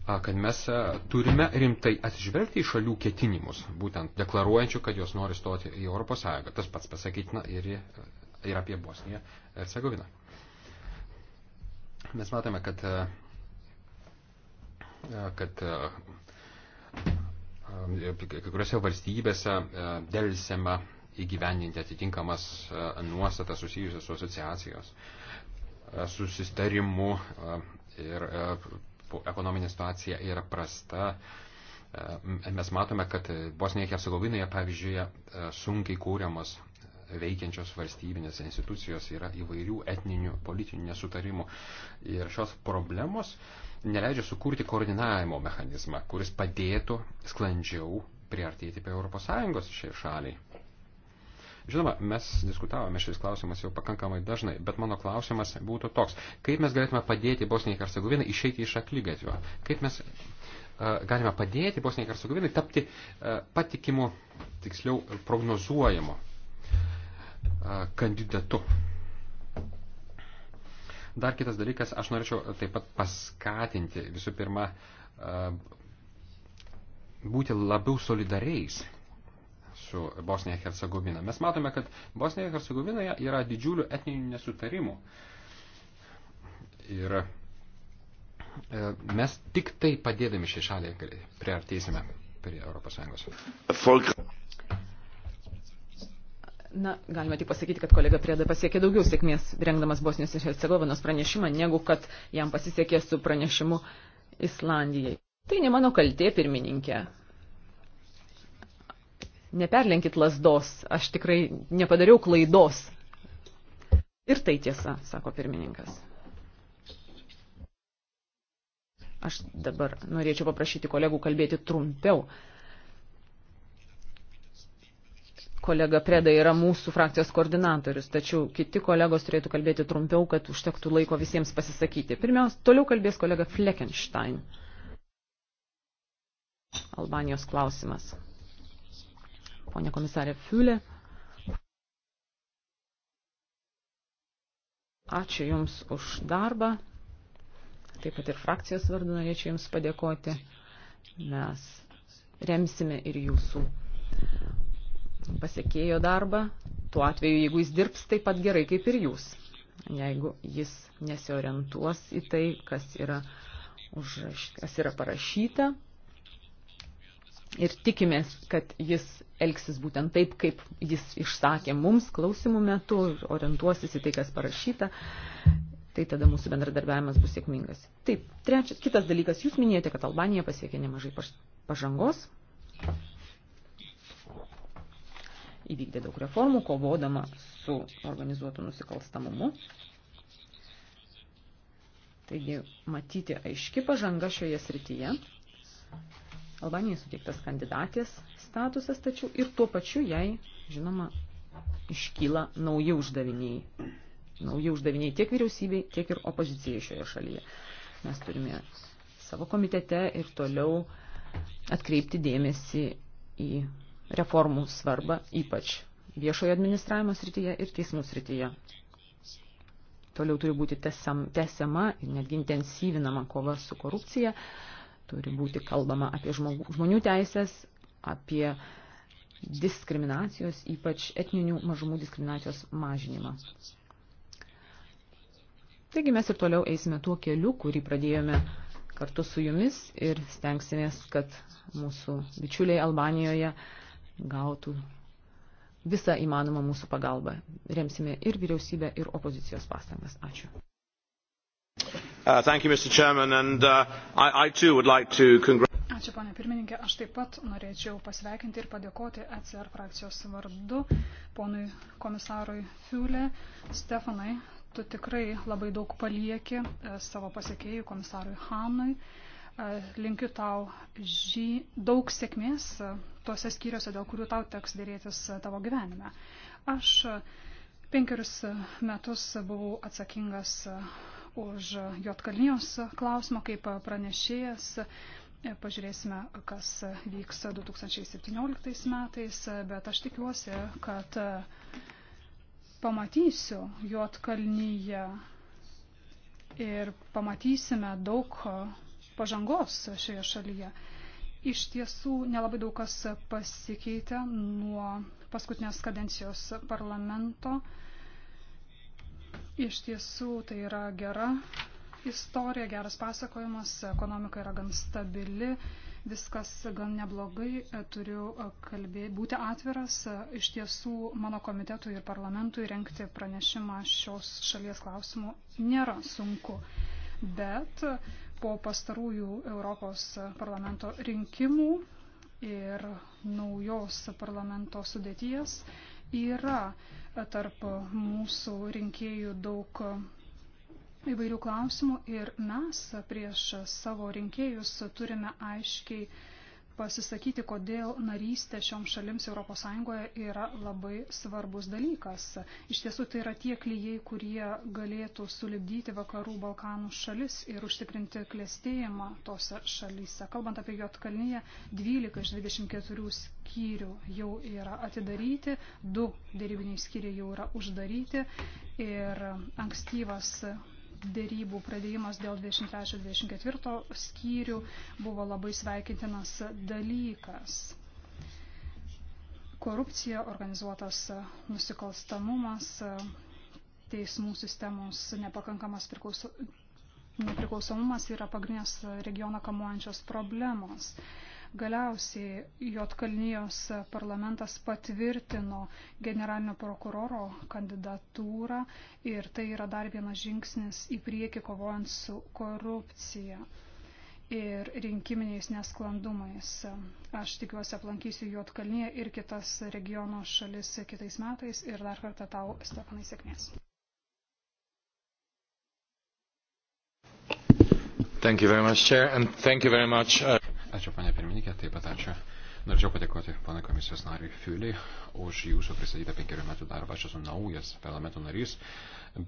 A: kad mes turime rimtai atsižvelgti į šalių ketinimus, būtent deklaruojančių, kad jos nori stoti į Europos Sąjungą. Tas pats pasakytina ir, ir apie Bosniją ir Segoviną. Mes matome, kad kad e, e, kai kuriuose valstybėse e, dėlsiama įgyvendinti atitinkamas nuostatas susijusias su asociacijos susistarimu ir ekonominė situacija yra prasta. Mes matome, kad Bosnijoje ir Hercegovinoje, pavyzdžiui, sunkiai kūriamos veikiančios valstybinės institucijos yra įvairių etninių politinių nesutarimų. Ir šios problemos uh, neleidžia sukurti koordinavimo mechanizmą, kuris padėtų sklandžiau priartėti prie ES šiai šaliai. Žinoma, mes diskutavome šis klausimas jau pakankamai dažnai, bet mano klausimas būtų toks. Kaip mes galėtume padėti Bosniai Hercegovinai išeiti iš aklygatvio? Kaip mes uh, galime padėti Bosniai Hercegovinai tapti uh, patikimu, tiksliau prognozuojamu uh, kandidatu Dar kitas dalykas, aš norėčiau taip pat paskatinti visų pirma e, būti labiau solidariais su Bosnija Hercegovina. Mes matome, kad Bosnija Hercegovinoje yra didžiulių etninių nesutarimų. Ir e, mes tik tai padėdami šiai šaliai priartėsime prie ES.
C: Na, galima tik pasakyti, kad kolega Prėda pasiekė daugiau sėkmės rengdamas Bosnijos ir Hercegovinos pranešimą, negu kad jam pasisekė su pranešimu Islandijai. Tai ne mano kaltė, pirmininkė. Neperlenkit lasdos, aš tikrai nepadariau klaidos. Ir tai tiesa, sako pirmininkas. Aš dabar norėčiau paprašyti kolegų kalbėti trumpiau, kolega Preda yra mūsų frakcijos koordinatorius, tačiau kiti kolegos turėtų kalbėti trumpiau, kad užtektų laiko visiems pasisakyti. Pirmiausia, toliau kalbės kolega Fleckenstein. Albanijos klausimas. Pone komisarė Fiulė. Ačiū Jums už darbą. Taip pat ir frakcijos vardu norėčiau Jums padėkoti. Mes remsime ir Jūsų pasiekėjo darbą, tuo atveju, jeigu jis dirbs taip pat gerai kaip ir jūs. Jeigu jis nesiorientuos į tai, kas yra, užraš, kas yra parašyta ir tikimės, kad jis elgsis būtent taip, kaip jis išsakė mums klausimų metu, orientuosis į tai, kas parašyta, tai tada mūsų bendradarbiavimas bus sėkmingas. Taip, trečias, kitas dalykas, jūs minėjote, kad Albanija pasiekė nemažai pažangos įvykdė daug reformų, kovodama su organizuotu nusikalstamumu. Taigi matyti aiški pažanga šioje srityje. Albanijai suteiktas kandidatės statusas, tačiau ir tuo pačiu jai, žinoma, iškyla nauji uždaviniai. Nauji uždaviniai tiek vyriausybei, tiek ir opozicijai šioje šalyje. Mes turime savo komitete ir toliau atkreipti dėmesį į reformų svarbą, ypač viešojo administravimo srityje ir teismų srityje. Toliau turi būti tesiama ir netgi intensyvinama kova su korupcija, turi būti kalbama apie žmonių teisės, apie diskriminacijos, ypač etninių mažumų diskriminacijos mažinimą. Taigi mes ir toliau eisime tuo keliu, kurį pradėjome kartu su jumis ir stengsimės, kad mūsų bičiuliai Albanijoje uh, gautų visą įmanomą mūsų pagalbą. Remsime ir vyriausybę, ir opozicijos pastangas. Ačiū. Uh, you, And, uh, I, I like to...
B: Ačiū, ponė pirmininkė. Aš taip pat norėčiau pasveikinti ir padėkoti ECR frakcijos vardu ponui komisarui Fiulė. Stefanai, tu tikrai labai daug palieki e, savo pasiekėjų komisarui Hanui. Uh, linkiu tau žy... daug sėkmės tose skyriuose, dėl kurių tau teks dėrėtis tavo gyvenime. Aš penkerius metus buvau atsakingas už Jotkalnijos klausimą kaip pranešėjas. Pažiūrėsime, kas vyks 2017 metais, bet aš tikiuosi, kad pamatysiu Jotkalnyje ir pamatysime daug pažangos šioje šalyje. Iš tiesų nelabai daug kas pasikeitė nuo paskutinės kadencijos parlamento. Iš tiesų tai yra gera istorija, geras pasakojimas, ekonomika yra gan stabili, viskas gan neblogai, turiu kalbėti, būti atviras, iš tiesų mano komitetui ir parlamentui renkti pranešimą šios šalies klausimų nėra sunku, bet po pastarųjų Europos parlamento rinkimų ir naujos parlamento sudėties yra tarp mūsų rinkėjų daug įvairių klausimų ir mes prieš savo rinkėjus turime aiškiai pasisakyti, kodėl narystė šioms šalims ES yra labai svarbus dalykas. Iš tiesų tai yra tie klyjei, kurie galėtų sulibdyti vakarų Balkanų šalis ir užtikrinti klėstėjimą tose šalyse. Kalbant apie Jotkalnyje, 12 iš 24 skyrių jau yra atidaryti, du dėrybiniai skyriai jau yra uždaryti ir ankstyvas dėrybų pradėjimas dėl 23-24 skyrių buvo labai sveikintinas dalykas. Korupcija, organizuotas nusikalstamumas, teismų sistemos nepakankamas priklauso, nepriklausomumas yra pagrindinės regioną kamuojančios problemos. Galiausiai Jotkalnyjos parlamentas patvirtino generalinio prokuroro kandidatūrą ir tai yra dar vienas žingsnis į priekį kovojant su korupcija ir rinkiminiais nesklandumais. Aš tikiuosi aplankysiu Jotkalnyje ir kitas regiono šalis kitais metais ir dar kartą tau, Stefanai, sėkmės.
A: Much, Chair, much, uh... Ačiū, panė pirmininkė, taip pat ačiū. Norėčiau padėkoti pana komisijos nariui Fiuliai už jūsų pristatytą penkerių metų darbą. Aš esu naujas parlamento narys,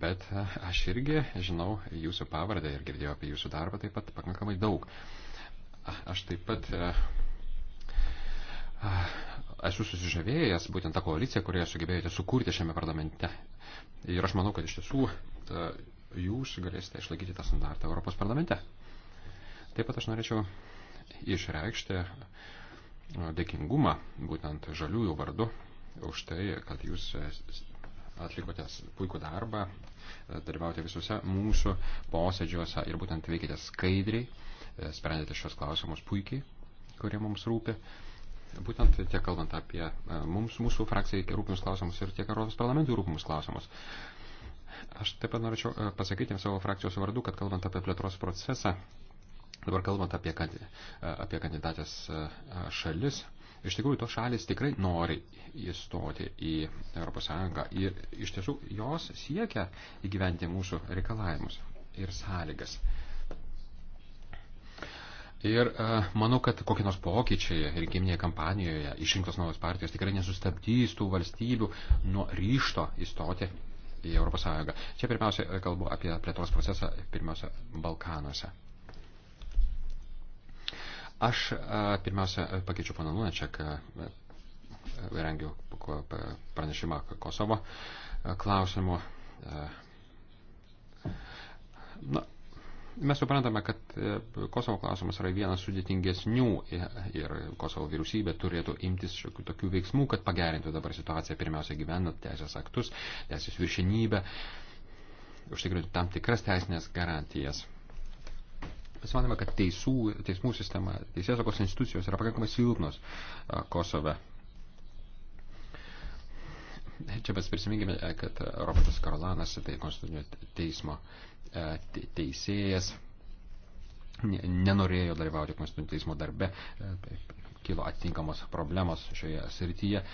A: bet aš irgi žinau jūsų pavardę ir girdėjau apie jūsų darbą taip pat pakankamai daug. Aš taip pat e, esu susižavėjęs būtent tą koaliciją, kurią sugebėjote sukurti šiame parlamente. Ir aš manau, kad iš tiesų ta, e, jūs galėsite išlaikyti tą standartą Europos parlamente. Taip pat aš norėčiau išreikšti e, dėkingumą būtent žaliųjų vardu už tai, kad jūs e, atlikote puikų darbą, e, dalyvaujate visuose mūsų posėdžiuose ir būtent veikite skaidriai, sprendėte šios klausimus puikiai, kurie mums rūpi. Būtent tiek kalbant apie mums, mūsų frakcijai rūpimus klausimus ir tiek Europos parlamentui rūpimus klausimus. Aš taip pat norėčiau pasakyti savo frakcijos vardu, kad kalbant apie plėtros procesą, Dabar kalbant apie, apie kandidatės e, šalis, iš tikrųjų tos šalis tikrai nori įstoti į ES ir iš tiesų jos siekia įgyventi mūsų reikalavimus ir sąlygas. Ir uh, manau, kad kokie nors pokyčiai rinkiminėje kampanijoje išrinktos naujos partijos tikrai nesustabdys tų valstybių nuo ryšto įstoti į ES. Čia pirmiausia e, kalbu apie plėtros procesą, pirmiausia, Balkanuose. Aš e, pirmiausia e, pakeičiu pana Lunačiaką, e, rengiu pranešimą Kosovo klausimu. Na, mes suprantame, kad Kosovo klausimas yra vienas sudėtingesnių ir Kosovo vyriausybė turėtų imtis šiokių tokių veiksmų, kad pagerintų dabar situaciją, pirmiausia, gyvenant teisės aktus, teisės viršenybę, užtikrinti tam tikras teisinės garantijas. Mes manome, kad teisų, teismų sistema, teisėsaugos institucijos yra pakankamai silpnos Kosove. Čia mes prisiminkime, kad Robertas Karolanas, tai konstitucinio teismo teisėjas, nenorėjo dalyvauti konstitucinio teismo darbe, tai kilo atitinkamos problemos šioje srityje.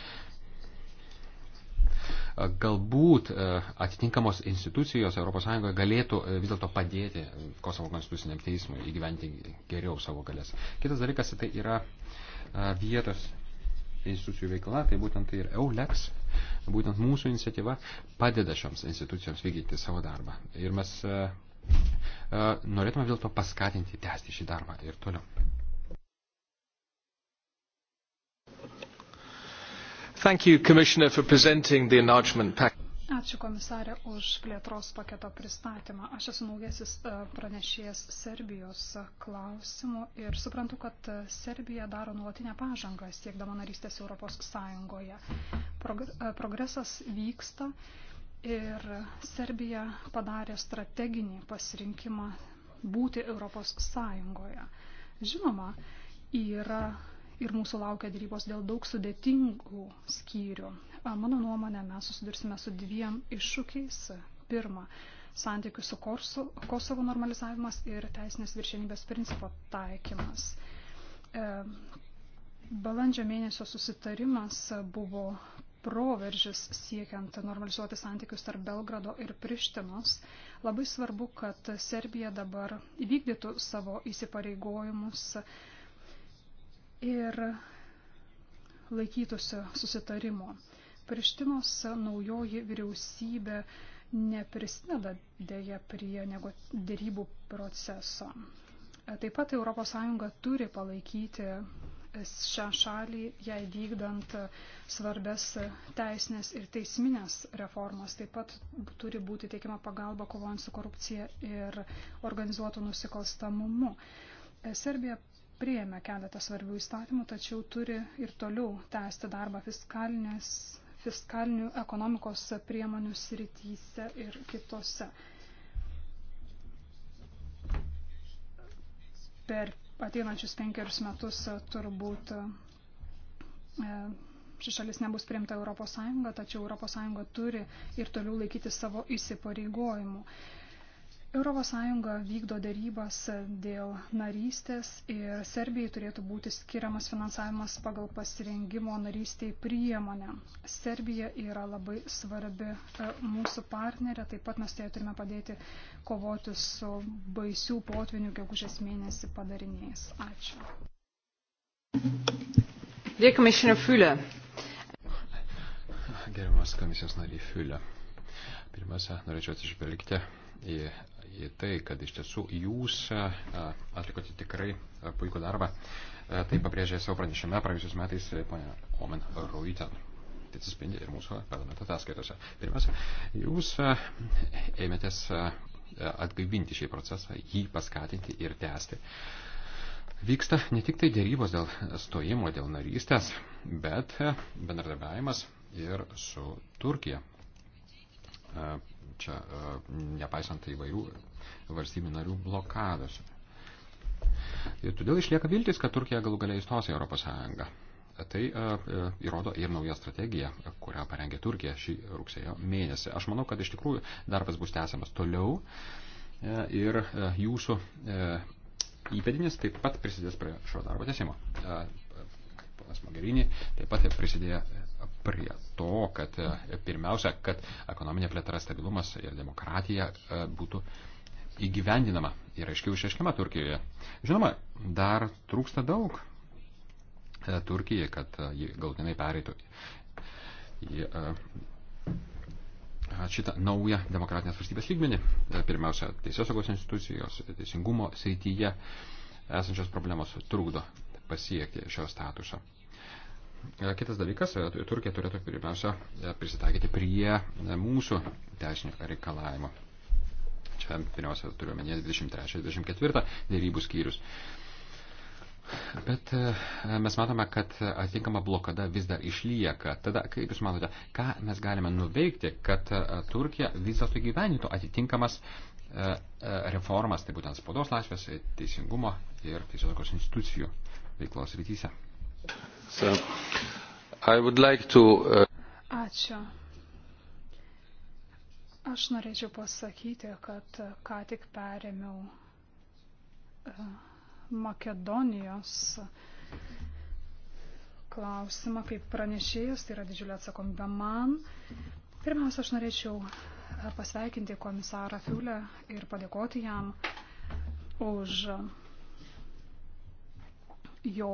A: Galbūt e, atitinkamos institucijos ES galėtų e, vis dėlto padėti e, Kosovo konstituciniam teismui įgyventi geriau savo galės. Kitas dalykas tai yra vietos institucijų veikla, tai būtent tai ir EULEX, būtent mūsų iniciatyva padeda šioms institucijoms vykdyti savo darbą. Ir mes norėtume vis dėlto paskatinti tęsti šį darbą ir toliau. Thank you, Commissioner, for presenting the enlargement package.
B: Ačiū komisarė už plėtros paketo pristatymą. Aš esu naujasis e, pranešėjas Serbijos klausimų ir suprantu, kad Serbija daro nuolatinę pažangą siekdama narystės Europos Sąjungoje. E, progresas vyksta ir Serbija padarė strateginį pasirinkimą būti Europos Sąjungoje. Žinoma, yra ir mūsų laukia dėrybos dėl daug sudėtingų skyrių. Mano nuomonė, mes susidursime su dviem iššūkiais. Pirma, santykių su Korsu, Kosovo normalizavimas ir teisinės viršenybės principo taikymas. E, balandžio mėnesio susitarimas buvo proveržis siekiant normalizuoti santykius tarp Belgrado ir Prištinos, labai svarbu, kad Serbija dabar įvykdytų savo įsipareigojimus ir laikytųsi susitarimo. Prištinos naujoji vyriausybė neprisideda dėja prie dėrybų proceso. Taip pat ES turi palaikyti šią šalį, jai vykdant svarbes teisinės ir teisminės reformas. Taip pat turi būti teikiama pagalba kovojant su korupcija ir organizuotų nusikalstamumu. Serbija priėmė keletą svarbių įstatymų, tačiau turi ir toliau tęsti darbą fiskalinių ekonomikos priemonių srityse ir kitose. Per ateinančius penkerius metus turbūt e, ši šalis nebus priimta ES, tačiau ES turi ir toliau laikyti savo įsipareigojimų. ES vykdo dėrybas dėl narystės ir Serbijai turėtų būti skiriamas finansavimas pagal pasirengimo narystiai priemonę. Serbija yra labai svarbi e, mūsų partnerė, taip pat mes turėtume padėti kovoti su baisių potvinių gegužės mėnesį padariniais. Ačiū.
C: Dėkime šiandien Fiulę.
A: Gerimas komisijos nariai Fiulę. Pirmiausia, norėčiau atsižvelgti į į tai, kad iš tiesų jūs atlikote tikrai puikų darbą. Tai pabrėžė savo pranešime praėjusius metais ponia Omen Ruiten. Tai atsispindi ir mūsų parlamento ataskaitose. Pirmiausia, jūs ėmėtės atgaivinti šį procesą, jį paskatinti ir tęsti. Vyksta ne tik tai dėrybos dėl stojimo, dėl narystės, bet bendradarbiavimas ir su Turkija čia e, nepaisant tai įvairių valstybių narių blokadus. Ir todėl išlieka viltis, kad Turkija galų galiai įstos į Europos Sąjungą. Tai e, e, įrodo ir nauja strategija, kurią parengė Turkija šį rugsėjo mėnesį. Aš manau, kad iš tikrųjų darbas bus tęsiamas toliau ir jūsų įpėdinis taip pat prisidės prie šio darbo tęsimo. Panas Mogherini taip pat prisidėjo prie to, kad e, pirmiausia, kad ekonominė plėtra, stabilumas ir demokratija e, būtų įgyvendinama ir aiškiau išaiškima Turkijoje. Žinoma, dar trūksta daug e, Turkijai, kad ji galtinai pereitų į šitą naują demokratinės valstybės lygmenį. Pirmiausia, teisėsaugos institucijos, teisingumo srityje esančios problemos trukdo pasiekti šio statuso. Kitas dalykas, e, Turkija turėtų pirmiausia e, prisitaikyti prie e, mūsų teisinių reikalavimų. Čia pirmiausia turiu omenyje 23-24 dėrybų skyrius. Bet mes matome, kad atitinkama blokada vis dar išlieka. Tada, kaip Jūs manote, ką mes galime nuveikti, kad Turkija vis dėlto gyvenintų atitinkamas reformas, tai būtent spaudos laisvės, teisingumo ir teisėsaugos institucijų veiklos rytyse? So, like to, uh...
B: Ačiū. Aš norėčiau pasakyti, kad ką tik perėmiau uh, Makedonijos klausimą kaip pranešėjas, tai yra didžiulė atsakomybė man. Pirmiausia, aš norėčiau uh, pasveikinti komisarą Fiulę ir padėkoti jam už jo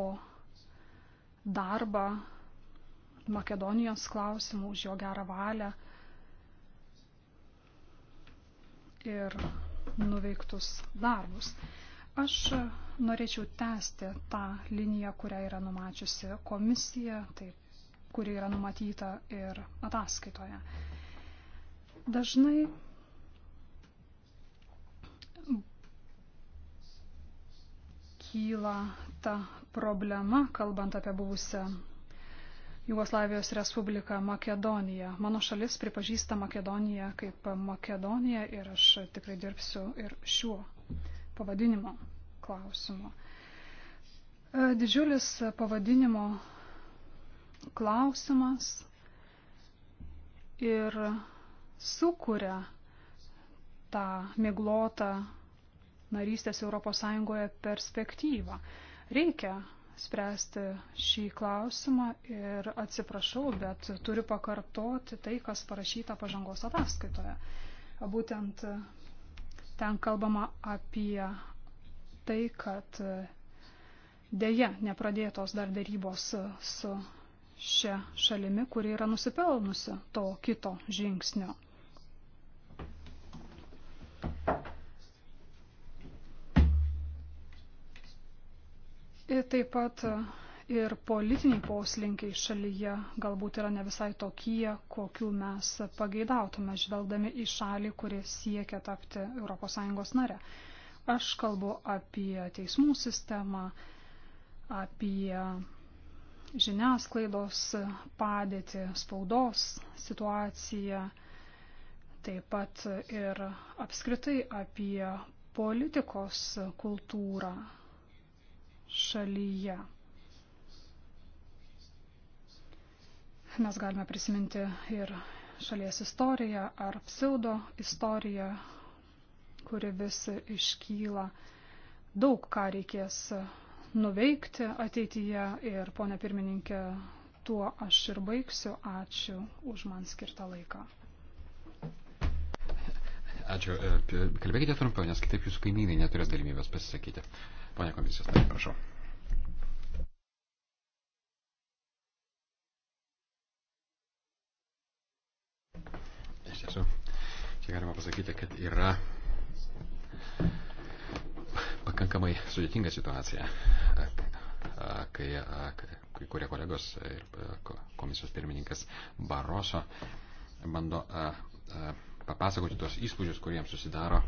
B: darbą Makedonijos klausimų, už jo gerą valią ir nuveiktus darbus. Aš norėčiau tęsti tą liniją, kurią yra numačiusi komisija, taip, kuri yra numatyta ir ataskaitoje. Dažnai kyla ta problema, kalbant apie buvusią Jugoslavijos Respubliką Makedoniją. Mano šalis pripažįsta Makedoniją kaip Makedoniją ir aš tikrai dirbsiu ir šiuo pavadinimo klausimu. E, didžiulis pavadinimo klausimas ir sukuria tą miglotą narystės ES perspektyvą. Reikia spręsti šį klausimą ir atsiprašau, bet turiu pakartoti tai, kas parašyta pažangos ataskaitoje. Būtent ten kalbama apie tai, kad dėje nepradėtos dar darybos su šia šalimi, kuri yra nusipelnusi to kito žingsnio. Ir taip pat e, ir politiniai poslinkiai šalyje galbūt yra ne visai tokie, kokių mes pageidautume, žvelgdami į šalį, kuri siekia tapti ES nare. Aš kalbu apie teismų sistemą, apie žiniasklaidos padėtį, spaudos situaciją, taip pat ir apskritai apie politikos kultūrą šalyje. Mes galime prisiminti ir šalies istoriją ar pseudo istoriją, kuri vis iškyla. Daug ką reikės nuveikti ateityje ir, ponia pirmininkė, tuo aš ir baigsiu. Ačiū už man skirtą laiką.
A: Ačiū. E, kalbėkite trumpiau, nes kitaip jūsų kaimynai neturės galimybės pasisakyti. Pane komisijos, tai prašau. Iš tiesų, čia galima pasakyti, kad yra pakankamai sudėtinga situacija, kai kai kurie kolegos ir e, komisijos pirmininkas Baroso bando papasakoti tos įspūdžius, kuriems susidaro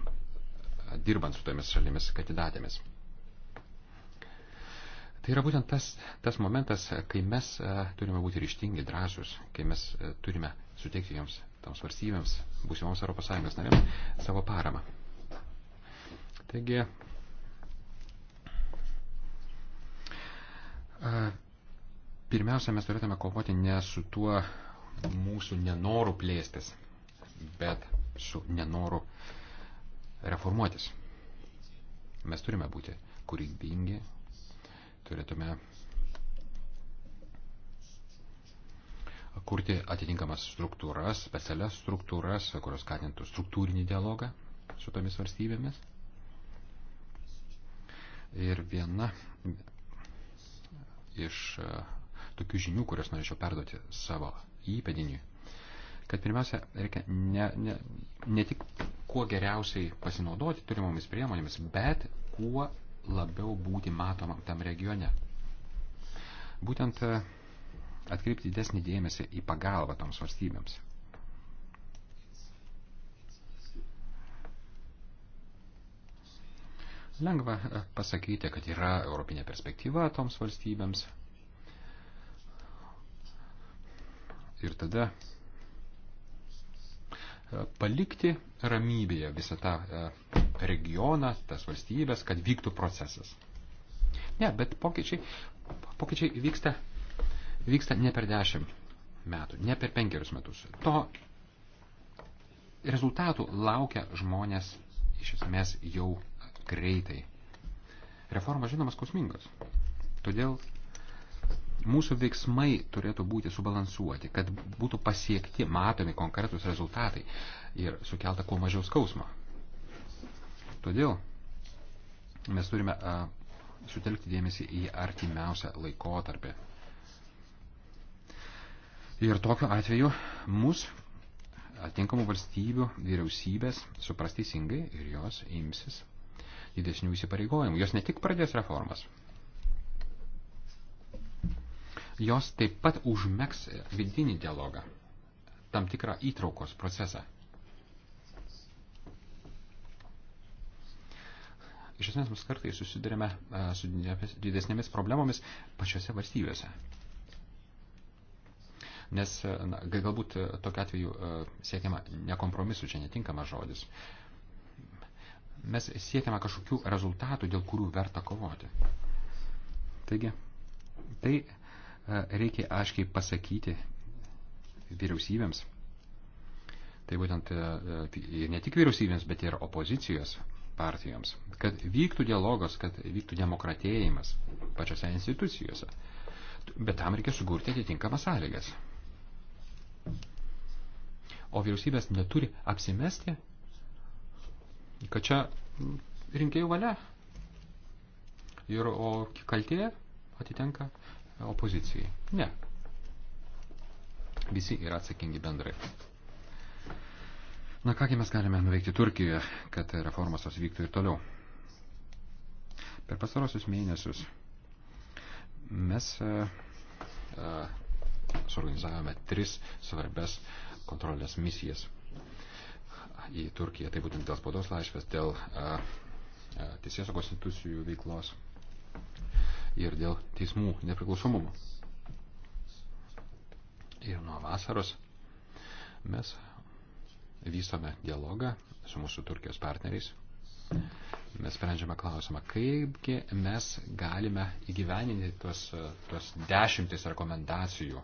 A: dirbant su tomis šalimis kandidatėmis. Tai yra būtent tas, tas momentas, kai mes turime būti ryštingi, drąsūs, kai mes turime suteikti joms, toms valstybėms, būsimoms ES narėms, savo paramą. Taigi, pirmiausia, mes turėtume kovoti ne su tuo mūsų nenoru plėstis, bet su nenoru reformuotis. Mes turime būti kūrybingi, turėtume kurti atitinkamas struktūras, specialias struktūras, kurios skatintų struktūrinį dialogą su tomis valstybėmis. Ir viena iš e, tokių žinių, kurias norėčiau perduoti savo įpėdiniui, kad pirmiausia reikia ne, ne, ne tik kuo geriausiai pasinaudoti turimomis priemonėmis, bet kuo labiau būti matomam tam regione. Būtent e, atkreipti didesnį dėmesį į pagalbą toms valstybėms. Lengva e, pasakyti, kad yra europinė perspektyva toms valstybėms. Ir tada E, palikti ramybėje visą tą e, regioną, tas valstybės, kad vyktų procesas. Ne, bet pokyčiai, pokyčiai vyksta, vyksta ne per dešimt metų, ne per penkerius metus. To rezultatų laukia žmonės iš esmės jau greitai. Reforma, žinoma, skausmingas. Todėl Mūsų veiksmai turėtų būti subalansuoti, kad būtų pasiekti matomi konkretus rezultatai ir sukelta kuo mažiau skausmo. Todėl mes turime a, sutelkti dėmesį į artimiausią laikotarpį. Ir tokiu atveju mus atinkamų valstybių vyriausybės supras teisingai ir jos imsis didesnių įsipareigojimų. Jos ne tik pradės reformas, jos taip pat užmėgs vidinį dialogą, tam tikrą įtraukos procesą. Iš esmės mes kartais susidurime e, su didesnėmis problemomis pačiose valstybėse. Nes e, na, galbūt e, tokiu atveju siekiama ne kompromisu, čia netinkamas žodis. Mes siekiame kažkokių rezultatų, dėl kurių verta kovoti. Taigi, tai reikia aiškiai pasakyti vyriausybėms, tai būtent tai ne tik vyriausybėms, bet ir opozicijos partijoms, kad vyktų dialogas, kad vyktų demokratėjimas pačiose institucijose. Bet tam reikia sukurti atitinkamas sąlygas. O vyriausybės neturi apsimesti, kad čia rinkėjų valia ir o kaltė atitenka opozicijai. Ne. Visi yra atsakingi bendrai. Na kągi mes galime nuveikti Turkijoje, kad reformos tos vyktų ir toliau. Per pastarosius mėnesius mes a, e, a, e, suorganizavome tris svarbes kontrolės misijas į Turkiją. Tai būtent dėl spaudos laisvės, dėl e, teisės saugos institucijų veiklos ir dėl teismų nepriklausomumo. Ir nuo vasaros mes vystome dialogą su mūsų Turkijos partneriais. Mes sprendžiame klausimą, kaipgi mes galime įgyveninti tuos, tuos dešimtis rekomendacijų,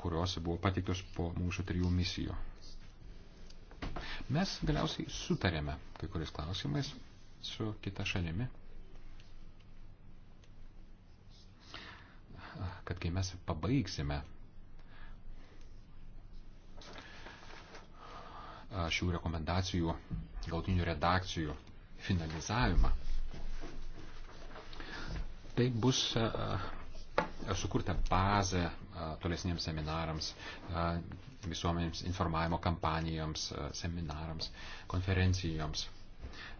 A: kurios buvo patiktos po mūsų trijų misijų. Mes galiausiai sutarėme kai kuriais klausimais su kita šalimi kad kai mes pabaigsime šių rekomendacijų, galtinių redakcijų finalizavimą, tai bus sukurta bazė tolesniems seminarams, visuomenėms informavimo kampanijoms, seminarams, konferencijoms.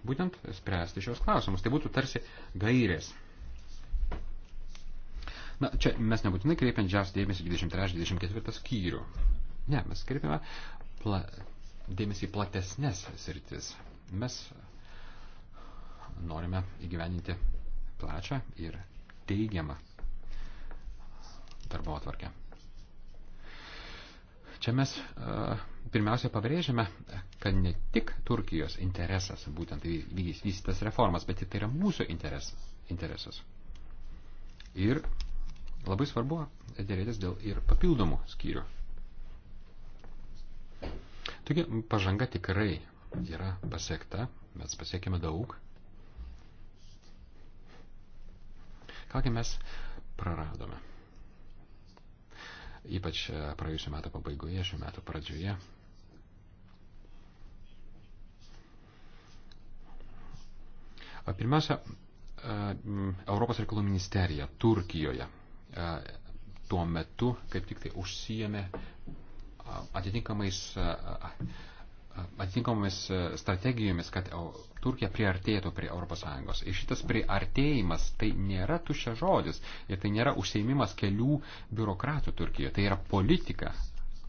A: Būtent spręsti šios klausimus. Tai būtų tarsi gairės Na, čia mes nebūtinai kreipiam džiausią dėmesį 23-24 skyrių. Ne, mes kreipiame pla, dėmesį į platesnės sritis. Mes norime įgyveninti plačią ir teigiamą darbo atvarkę. Čia mes uh, pirmiausia pabrėžiame, kad ne tik Turkijos interesas būtent vystytas reformas, bet tai yra mūsų interes, interesas. Ir Labai svarbu dėrėtis dėl ir papildomų skyrių. Taigi pažanga tikrai yra pasiekta, mes pasiekime daug. Kągi mes praradome. Ypač e, praėjusiu metu pabaigoje, šių metų pradžioje. Pirmiausia, e, Europos reikalų ministerija Turkijoje E, tuo metu kaip tik tai užsijėmė atitinkamais atitinkamomis e, strategijomis, kad Turkija priartėtų prie ES. Ir šitas priartėjimas tai nėra tušia žodis ir tai nėra užseimimas kelių biurokratų Turkijoje, tai yra politika,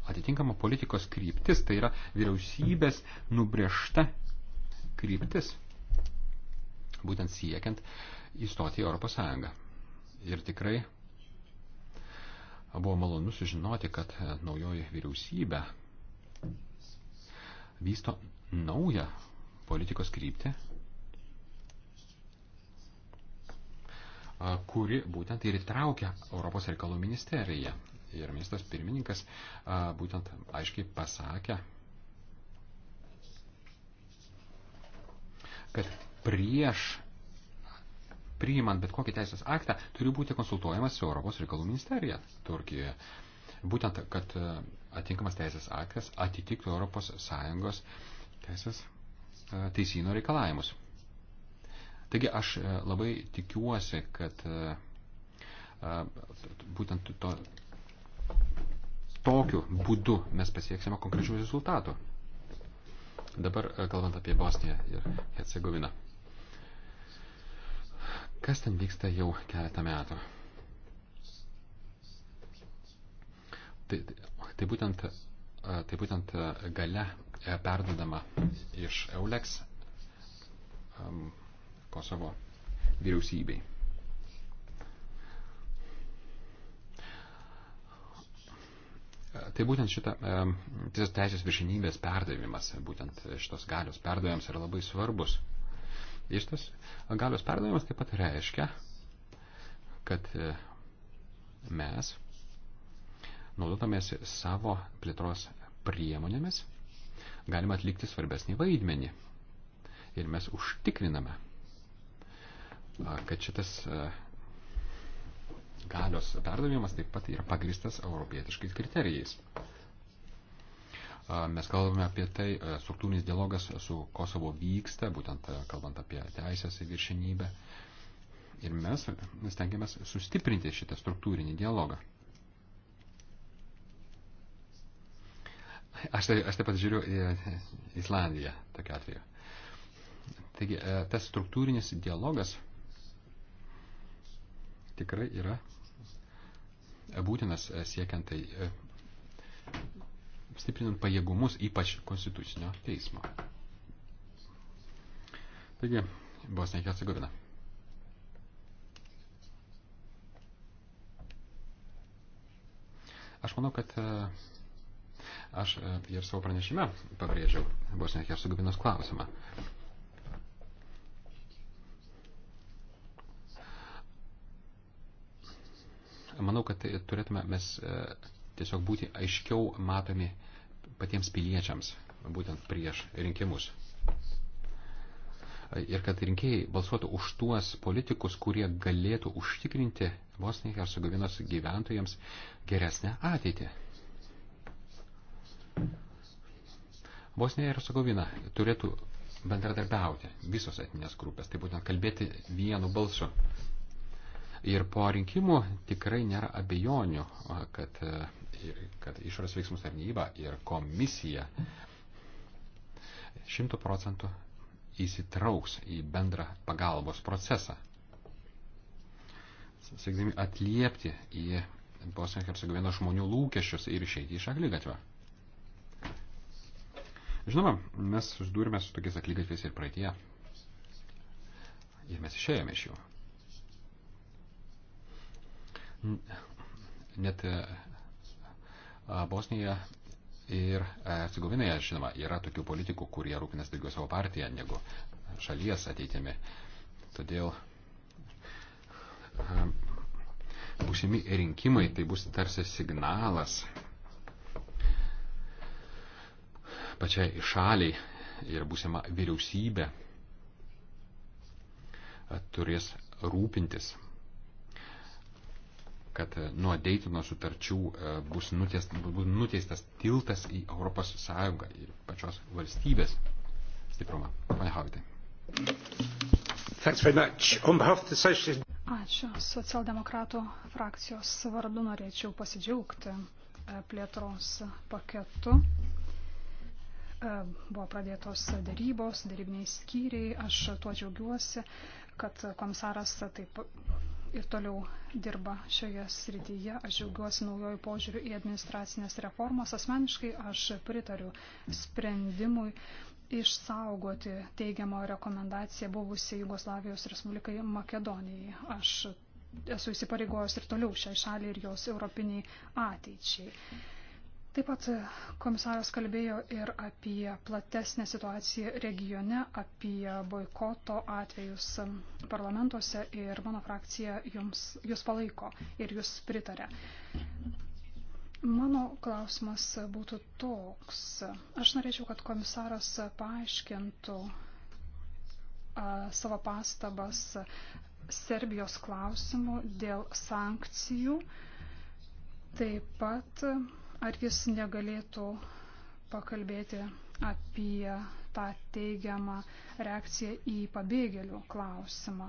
A: atitinkama politikos kryptis, tai yra vyriausybės nubriežta kryptis, būtent siekiant įstoti į ES. Ir tikrai buvo malonu sužinoti, kad e, naujoji vyriausybė vysto naują politikos kryptį, kuri būtent ir įtraukia Europos reikalų ministeriją. Ir ministras pirmininkas būtent aiškiai pasakė, kad prieš priimant bet kokį teisės aktą, turi būti konsultuojamas su Europos reikalų ministerija Turkijoje. Būtent, kad e, atinkamas teisės aktas atitiktų ES teisės e, teisino reikalavimus. Taigi aš e, labai tikiuosi, kad būtent to, tokiu būdu mes pasieksime konkrečių rezultatų. Dabar kalbant apie Bosniją ir Hercegoviną kas ten vyksta jau keletą metų. Tai, tai, būtent, tai būtent tai gale perdodama iš Eulex um, Kosovo vyriausybei. Tai būtent šita teisės viršinybės perdavimas, būtent šitos galios perdavimas yra labai svarbus Ir tas galios perdavimas taip pat reiškia, kad e, mes naudotamės savo plėtros priemonėmis galime atlikti svarbesnį vaidmenį. Ir mes užtikriname, kad šitas e, galios perdavimas taip pat yra pagristas europietiškais kriterijais. Mes kalbame apie tai, e, struktūrinis dialogas su Kosovo vyksta, būtent e, kalbant apie teisės viršinybę. Ir mes stengiamės sustiprinti šitą struktūrinį dialogą. Aš, tai, aš taip pat žiūriu į Islandiją tokiu atveju. Taigi, e, tas struktūrinis dialogas tikrai yra būtinas siekiant tai stiprinant pajėgumus, ypač konstitucinio teismo. Taigi, Bosnija ir Hercegovina. Aš manau, kad e, aš e, ir savo pranešime pabrėžiau Bosnijos ir Hercegovinos klausimą. Manau, kad turėtume mes e, tiesiog būti aiškiau matomi patiems piliečiams, būtent prieš rinkimus. Ir kad rinkėjai balsuotų už tuos politikus, kurie galėtų užtikrinti Bosnijos ir Sugavinos gyventojams geresnę ateitį. Bosnija ir Sugovina turėtų bendradarbiauti visos etinės grupės, tai būtent kalbėti vienu balsu. Ir po rinkimų tikrai nėra abejonių, kad kad išorės veiksmus tarnyba ir komisija šimtų procentų įsitrauks į bendrą pagalbos procesą, siekdami atliepti į Bosnijos Hercegovino žmonių lūkesčius ir išeiti iš aklygatvio. Žinoma, mes susidūrėme su tokiais aklygatviais ir praeitie. Ir mes išėjome iš jų. Net Bosnijoje ir e, Hercegovinoje, žinoma, yra tokių politikų, kurie rūpinasi daugiau savo partiją negu šalies ateitimi. Todėl e, būsimi rinkimai tai bus tarsi signalas pačiai šaliai ir būsima vyriausybė e, turės rūpintis kad e, nuo Daytono sutarčių e, bus nuteistas, bus nuteistas tiltas į Europos Sąjungą ir pačios valstybės stiprumą. Pane Havitai.
B: Ačiū. Socialdemokratų frakcijos vardu norėčiau pasidžiaugti e, plėtros paketu. Buvo pradėtos darybos, darybiniai skyriai. Aš tuo džiaugiuosi, kad komisaras taip ir toliau dirba šioje srityje. Aš džiaugiuosi naujojų požiūrių į administracinės reformas. Asmeniškai aš pritariu sprendimui išsaugoti teigiamą rekomendaciją buvusiai Jugoslavijos Respublikai Makedonijai. Aš esu įsipareigojęs ir toliau šiai šaliai ir jos europiniai ateičiai. Taip pat komisaras kalbėjo ir apie platesnę situaciją regione, apie boikoto atvejus parlamentuose ir mano frakcija jums, jūs palaiko ir jūs pritarė. Mano klausimas būtų toks. Aš norėčiau, kad komisaras paaiškintų savo pastabas Serbijos klausimų dėl sankcijų. Taip pat Ar jis negalėtų pakalbėti apie tą teigiamą reakciją į pabėgėlių klausimą?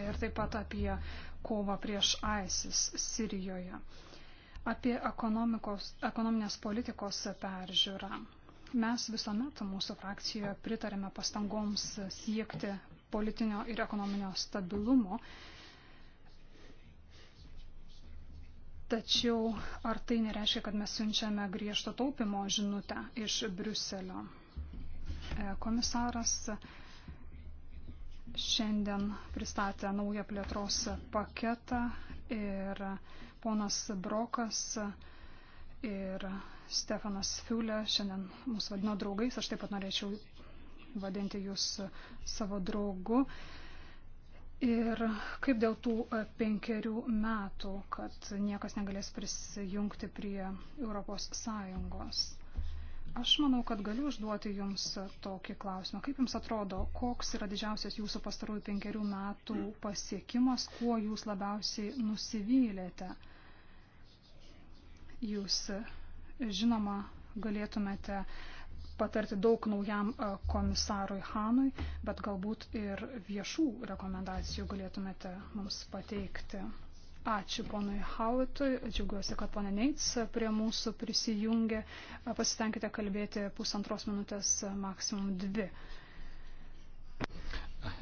B: Ir taip pat apie kovą prieš ISIS Sirijoje. Apie ekonominės politikos peržiūrą. Mes visuomet mūsų frakcijoje pritarėme pastangoms siekti politinio ir ekonominio stabilumo Tačiau ar tai nereiškia, kad mes siunčiame griežto taupimo žinutę iš Briuselio? E, komisaras šiandien pristatė naują plėtros paketą ir ponas Brokas ir Stefanas Fiulė šiandien mūsų vadino draugais, aš taip pat norėčiau vadinti jūs savo draugu. Uh, Ir kaip dėl tų e, penkerių metų, kad niekas negalės prisijungti prie Europos Sąjungos? Aš manau, kad galiu užduoti Jums tokį klausimą. Kaip Jums atrodo, koks yra didžiausias Jūsų pastarųjų penkerių metų pasiekimas, kuo Jūs labiausiai nusivylėte? Jūs, žinoma, galėtumėte uh, patarti daug naujam e, komisarui Hanui, bet galbūt ir viešų rekomendacijų galėtumėte mums pateikti. Ačiū ponui Hauitui, džiaugiuosi, kad ponė Neits prie mūsų prisijungė. E, Pasitenkite kalbėti pusantros minutės, e, maksimum dvi.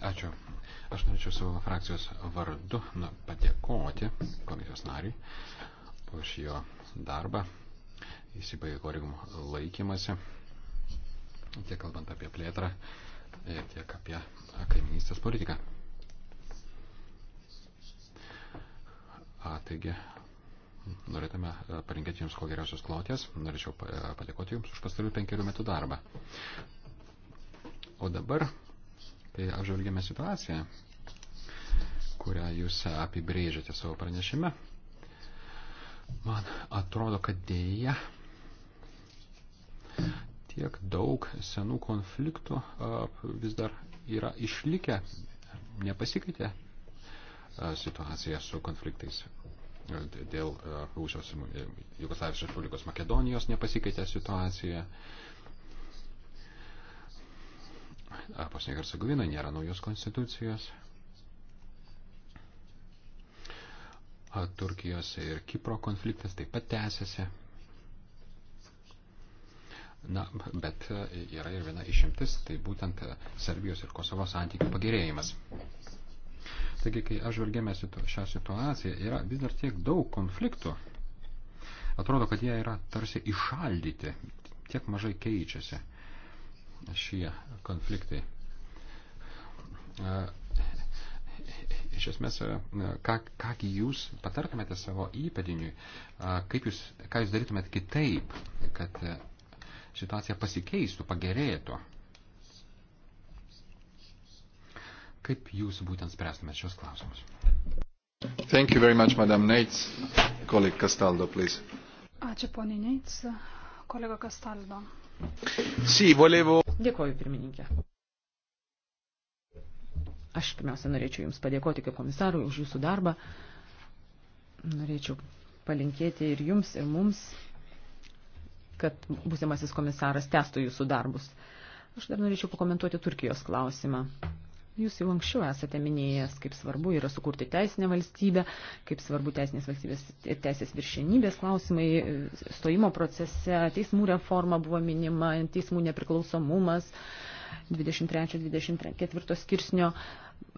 A: Ačiū. Aš norėčiau savo frakcijos vardu nu, padėkoti komisijos nariui už jo darbą įsipareigojimų laikymasi tiek kalbant apie plėtrą, tiek apie kaiminystės politiką. A, taigi, norėtume e, palinkėti Jums ko geriausios kloties, norėčiau e, padėkoti Jums už pastarų penkerių metų darbą. O dabar, kai apžvelgėme situaciją, kurią Jūs apibrėžėte savo pranešime, man atrodo, kad dėja tiek daug senų konfliktų vis dar yra išlikę, nepasikeitė situacija su konfliktais dėl Rusijos, Jugoslavijos Respublikos Makedonijos nepasikeitė situacija. Bosnija Hercegovina nėra naujos konstitucijos. Turkijos ir Kipro konfliktas taip pat tęsiasi. Na, bet e, yra ir viena išimtis, tai būtent e, Serbijos ir Kosovo santykių pagerėjimas. Taigi, kai aš žvelgėme šią situaciją, yra vis dar tiek daug konfliktų. Atrodo, kad jie yra tarsi išaldyti, tiek mažai keičiasi šie konfliktai. E, iš esmės, ką, kągi jūs patartumėte savo įpėdiniui, kaip jūs, ką jūs darytumėte kitaip, kad situacija pasikeistų, pagerėtų. Kaip jūs būtent spręstumėte šios klausimus? Thank you very much, Madam Neitz. Colleague Castaldo, please.
B: Ačiū, poniai Neitz. Kolega Castaldo.
A: Sì, si, volevo...
C: Dėkoju, pirmininkė. Aš pirmiausia norėčiau Jums padėkoti kaip komisarui už Jūsų darbą. Norėčiau palinkėti ir Jums, ir mums kad būsimasis komisaras testų jūsų darbus. Aš dar norėčiau pakomentuoti Turkijos klausimą. Jūs jau anksčiau esate minėjęs, kaip svarbu yra sukurti teisinę valstybę, kaip svarbu teisinės valstybės ir teisės viršenybės klausimai, stojimo procese, teismų reforma buvo minima, teismų nepriklausomumas, 23-24 skirsnio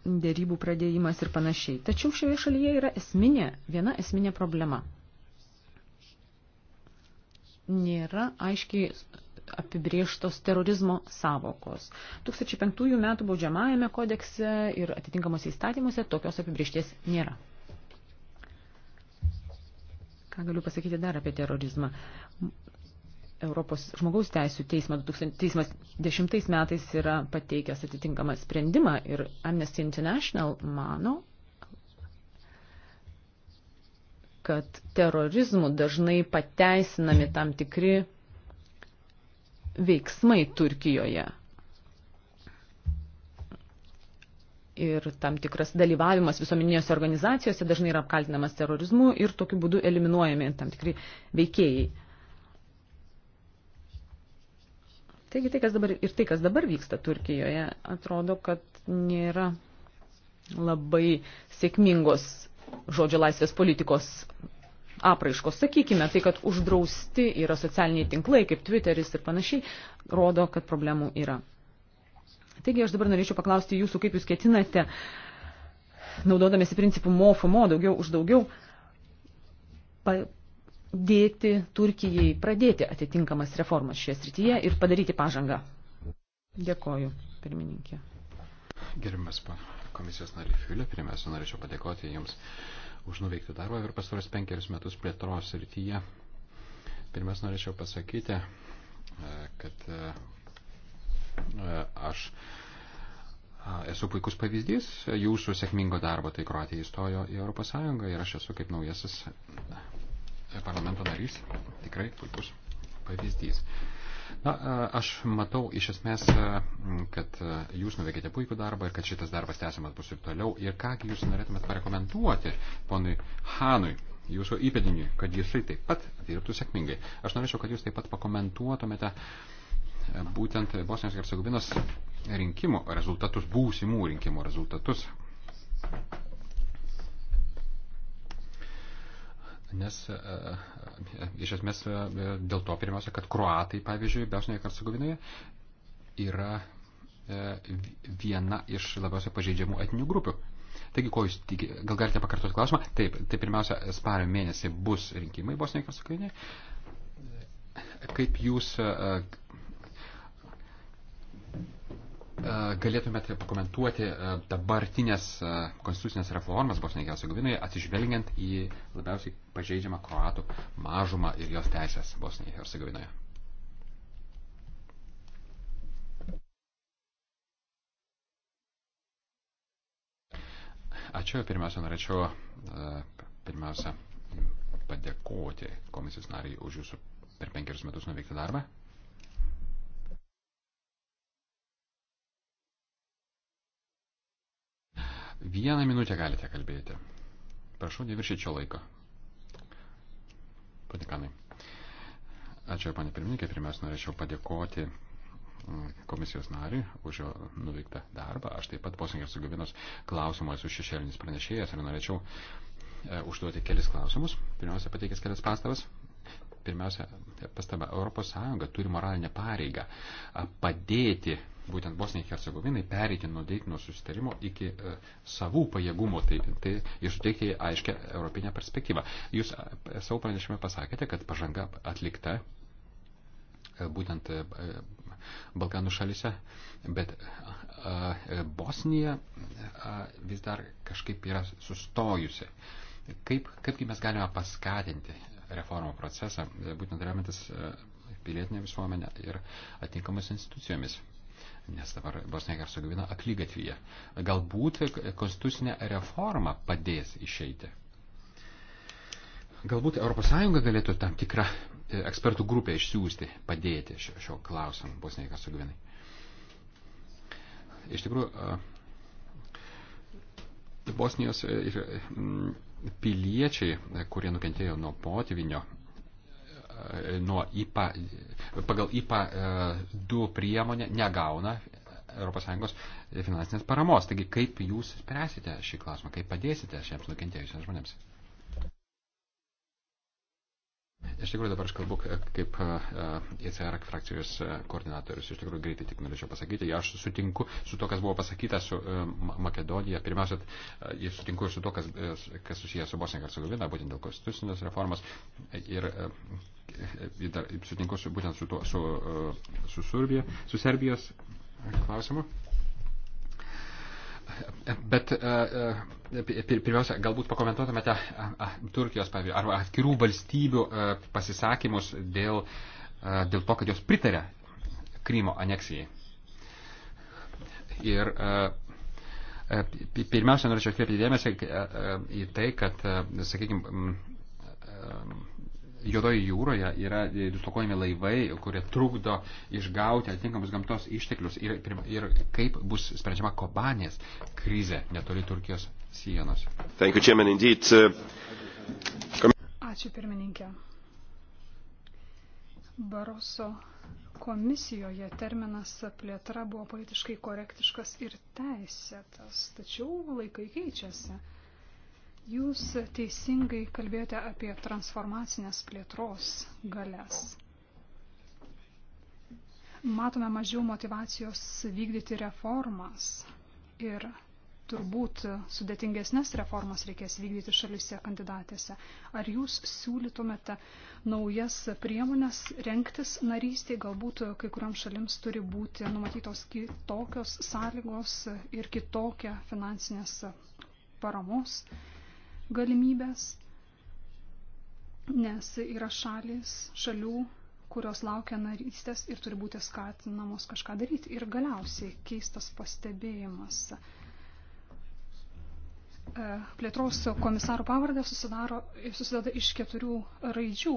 C: dėrybų pradėjimas ir panašiai. Tačiau šioje šalyje yra esminė, viena esminė problema nėra aiškiai apibrieštos terorizmo savokos. 2005 metų baudžiamajame kodekse ir atitinkamuose įstatymuose tokios apibriešties nėra. Ką galiu pasakyti dar apie terorizmą? Europos žmogaus teisų teismas 2010 metais yra pateikęs atitinkamą sprendimą ir Amnesty International mano, kad terorizmu dažnai pateisinami tam tikri veiksmai Turkijoje. ir tam tikras dalyvavimas visuomeninėse organizacijose dažnai yra apkaltinamas terorizmu ir tokiu būdu eliminuojami tam tikri veikėjai. Taigi tai, kas dabar, ir tai, kas dabar vyksta Turkijoje, atrodo, kad nėra labai sėkmingos žodžio laisvės politikos apraiškos. Sakykime, tai, kad uždrausti yra socialiniai tinklai, kaip Twitteris ir panašiai, rodo, kad problemų yra. Taigi aš dabar norėčiau paklausti jūsų, kaip jūs ketinate, naudodamėsi principų mofumo, daugiau už daugiau, padėti Turkijai pradėti atitinkamas reformas šioje srityje ir padaryti pažangą. Dėkoju,
A: pirmininkė. Gerimas, pana komisijos nariai Fiulė. Pirmiausia, norėčiau padėkoti Jums už nuveiktą darbą ir pastaros penkerius metus plėtros rytyje. Pirmiausia, norėčiau pasakyti, e, kad e, e, aš esu puikus pavyzdys jūsų sėkmingo darbo, tai Kroatija įstojo į ES ir aš esu kaip naujasis parlamento narys tikrai puikus pavyzdys. Na, aš matau iš esmės, kad jūs nuveikėte puikų darbą ir kad šitas darbas tęsiamas bus ir toliau. Ir kągi jūs norėtumėt parekomenduoti ponui Hanui, jūsų įpėdiniui, kad jisai taip pat dirbtų sėkmingai. Aš norėčiau, kad jūs taip pat pakomentuotumėte būtent Bosnijos ir Hercegovinos rinkimų rezultatus, būsimų rinkimų rezultatus. Nes e, e, iš esmės e, dėl to pirmiausia, kad kruatai, pavyzdžiui, Bosnijoje ir Hercegovinoje yra viena iš labiausiai pažeidžiamų etninių grupių. Taigi, ko jūs tikite? Gal galite pakartoti klausimą? Taip, tai pirmiausia, spario mėnesį bus rinkimai Bosnijoje ir Hercegovinoje. Kaip jūs galėtumėte pakomentuoti dabartinės konstitucinės reformas Bosnijoje Hercegovinoje, atsižvelgiant į labiausiai pažeidžiamą kroatų mažumą ir jos teisės Bosnijoje Hercegovinoje? Ačiū, pirmiausia, norėčiau pirmiausia padėkoti komisijos nariai už jūsų per penkerius metus nuveiktą darbą. Vieną minutę galite kalbėti. Prašau, neviršyčio laiko. Patikanai. Ačiū, panė pirmininkė. Pirmiausia, norėčiau padėkoti mm, komisijos nariui už jo nuveiktą darbą. Aš taip pat posėngės sugavinos klausimų esu šešėlinis pranešėjas ir norėčiau e, užduoti kelis klausimus. Pirmiausia, pateikęs kelias pastabas. Pirmiausia, pastaba, ES turi moralinę pareigą padėti būtent Bosniai Hercegovinai pereiti nuo Deitino susitarimo iki e, savų pajėgumų tai, tai, ir suteikti aiškę europinę perspektyvą. Jūs e, savo pranešime pasakėte, kad pažanga atlikta e, būtent e, e Balkanų šalise, bet e, Bosnija e, vis dar kažkaip yra sustojusi. Kaip, kaipgi mes galime paskatinti reformų procesą, būtent remiantis e, pilietinė visuomenė ir atinkamas institucijomis nes dabar Bosnija Hercegovina aklygatvyje. Galbūt konstitucinė reforma padės išeiti. Galbūt ES galėtų tam tikrą e, ekspertų grupę išsiųsti, padėti šio, šio klausimu Bosnijai Hercegovinai. Iš tikrųjų, e, Bosnijos e, ir piliečiai, kurie nukentėjo nuo potvinio, nuo IPA, pagal IPA 2 e, priemonę negauna ES finansinės paramos. Taigi kaip jūs spręsite šį klausimą, kaip padėsite šiems nukentėjusiems žmonėms? Iš tikrųjų dabar aš kalbu kaip ECR frakcijos koordinatorius. Iš tikrųjų greitai tik norėčiau pasakyti, aš sutinku su to, kas buvo pasakyta su Makedonija. Pirmiausia, jis sutinku ir su to, kas, kas susijęs su Bosnija Hercegovina, būtent dėl konstitucinės reformos. Ir, ir dar, sutinku su, būtent su, to, su, su, Surbija, su Serbijos klausimu. Bet e, e, pirmiausia, galbūt pakomentuotumėte Turkijos, pavyzdžiui, arba atskirų valstybių e, pasisakymus dėl, dėl to, kad jos pritarė Krymo aneksijai. Ir pirmiausia, norėčiau atkreipti dėmesį į tai, kad, sakykime, Juodoje jūroje yra dislokojami laivai, kurie trukdo išgauti atitinkamus gamtos išteklius ir, ir kaip bus sprendžiama Kobanės krizė netoli Turkijos sienos. Thank you, Chairman, indeed, uh,
B: Ačiū pirmininkė. Baroso komisijoje terminas plėtra buvo politiškai korektiškas ir teisėtas, tačiau laikai keičiasi. Jūs teisingai kalbėjote apie transformacinės plėtros galės. Matome mažiau motivacijos vykdyti reformas ir turbūt sudėtingesnės reformas reikės vykdyti šalise kandidatėse. Ar jūs siūlytumėte naujas priemonės renktis narystiai, galbūt kai kuriam šalims turi būti numatytos kitokios sąlygos ir kitokia finansinės paramos? Uh, galimybės, nes yra šalis, šalių, kurios laukia narystės ir turi būti skatinamos kažką daryti. Ir galiausiai keistas pastebėjimas. E, plėtros komisarų pavardė susideda iš keturių raidžių.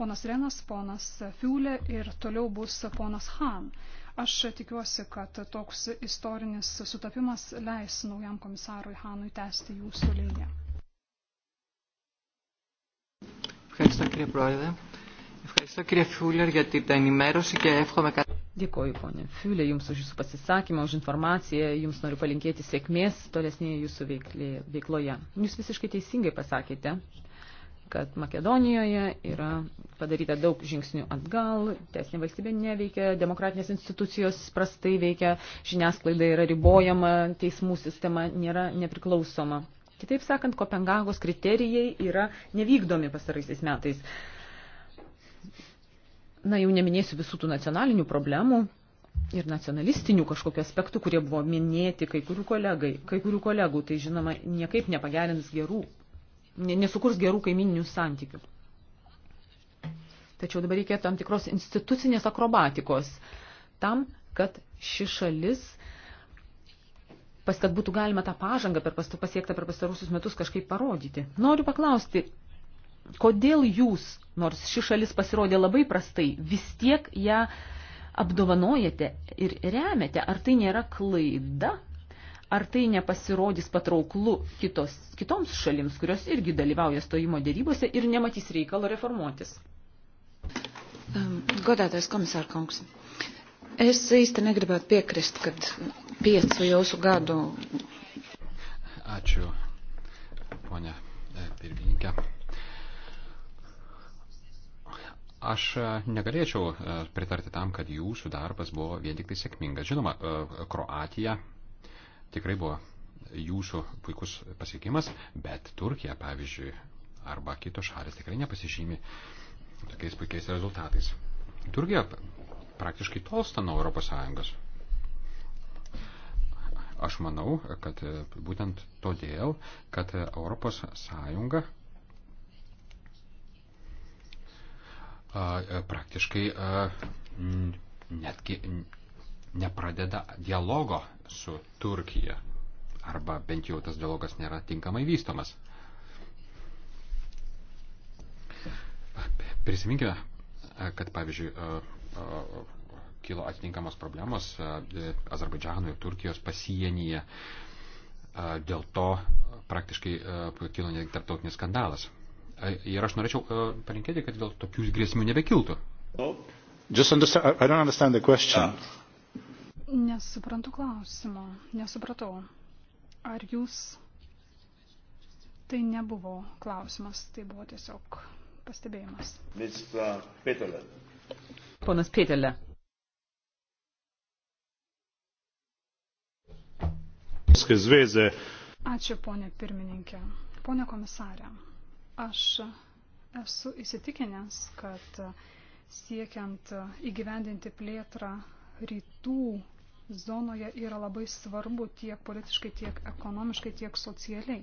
B: Ponas Renas, ponas Fiulė ir toliau bus ponas Han. Aš tikiuosi, kad toks istorinis sutapimas leis naujam komisarui Hanui tęsti jūsų liniją. Ευχαριστώ κύριε Πρόεδρε.
C: Ευχαριστώ κύριε Φιούλερ για την ενημέρωση και εύχομαι καλά. Dėkoju, ponė Fiulė, Jums už Jūsų pasisakymą, už informaciją, Jums noriu palinkėti sėkmės tolesnėje Jūsų veiklė, veikloje. Jūs visiškai teisingai pasakėte, kad Makedonijoje yra padaryta daug žingsnių atgal, teisinė valstybė neveikia, demokratinės institucijos prastai veikia, žiniasklaida yra ribojama, teismų sistema nėra nepriklausoma. Kitaip sakant, Kopenhagos kriterijai yra nevykdomi pasaraisiais metais. Na, jau neminėsiu visų tų nacionalinių problemų ir nacionalistinių kažkokiu aspektu, kurie buvo minėti kai kurių, kolegai, kai kurių kolegų. Tai, žinoma, niekaip nepagerins gerų, nesukurs gerų kaimininių santykių. Tačiau dabar reikėtų tam tikros institucinės akrobatikos tam, kad ši šalis uh, pas, kad būtų galima tą pažangą per pastu, pasiektą per pastarusius metus kažkaip parodyti. Noriu paklausti, kodėl jūs, nors ši šalis pasirodė labai prastai, vis tiek ją apdovanojate ir remiate? Ar tai nėra klaida? Ar tai nepasirodys patrauklu kitos, kitoms šalims, kurios irgi dalyvauja stojimo dėrybose ir nematys reikalo reformuotis? Godātais komisārkungs, Es īsti negribētu piekrist, kad piecu jūsu gadu.
A: Ačiū, ponia e, pirmininkė. Aš e, negalėčiau e, pritarti tam, kad jūsų darbas buvo vien tik tai sėkmingas. Žinoma, Kroatija tikrai buvo jūsų puikus pasiekimas, bet Turkija, pavyzdžiui, arba kitos šalis tikrai nepasižymi tokiais puikiais rezultatais. Turkija praktiškai tolsta nuo ES. Aš manau, kad e, būtent todėl, kad ES e, praktiškai netgi nepradeda dialogo su Turkija. Arba bent jau tas dialogas nėra tinkamai vystomas. Prisiminkime, kad pavyzdžiui kilo atitinkamos problemos e, Azerbaidžiano ir Turkijos pasienyje. Dėl to praktiškai kilo netgi tarptautinis skandalas. Ir aš norėčiau palinkėti, kad dėl tokių grėsmių nebekiltų.
B: Nesuprantu klausimo, nesupratau. Ar jūs tai nebuvo klausimas, tai buvo tiesiog pastebėjimas.
A: Mr. Uh, Peterle.
C: Ponas Pėtelė. Ačiū,
B: ponė pirmininkė. Pone komisarė, aš esu įsitikinęs, kad siekiant įgyvendinti plėtrą rytų zonoje yra labai svarbu tiek politiškai, tiek ekonomiškai, tiek socialiai.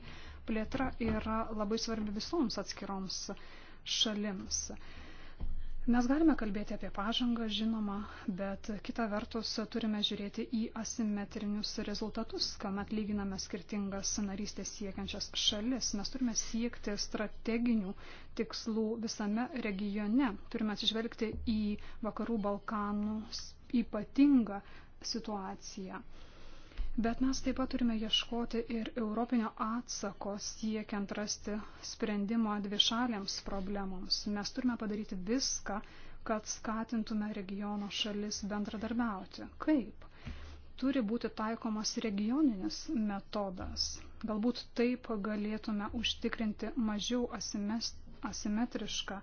B: Plėtra yra labai svarbi visoms atskiroms šalims. Mes galime kalbėti apie pažangą, žinoma, bet kita vertus turime žiūrėti į asimetrinius rezultatus, kuomet lyginame skirtingas narystės siekiančias šalis. Mes turime siekti strateginių tikslų visame regione. Turime atsižvelgti į vakarų Balkanų ypatingą situaciją. Bet mes taip pat turime ieškoti ir europinio atsako siekiant rasti sprendimą dvišalėms problemoms. Mes turime padaryti viską, kad skatintume regiono šalis bendradarbiauti. Kaip? Turi būti taikomas regioninis metodas. Galbūt taip galėtume užtikrinti mažiau asimetrišką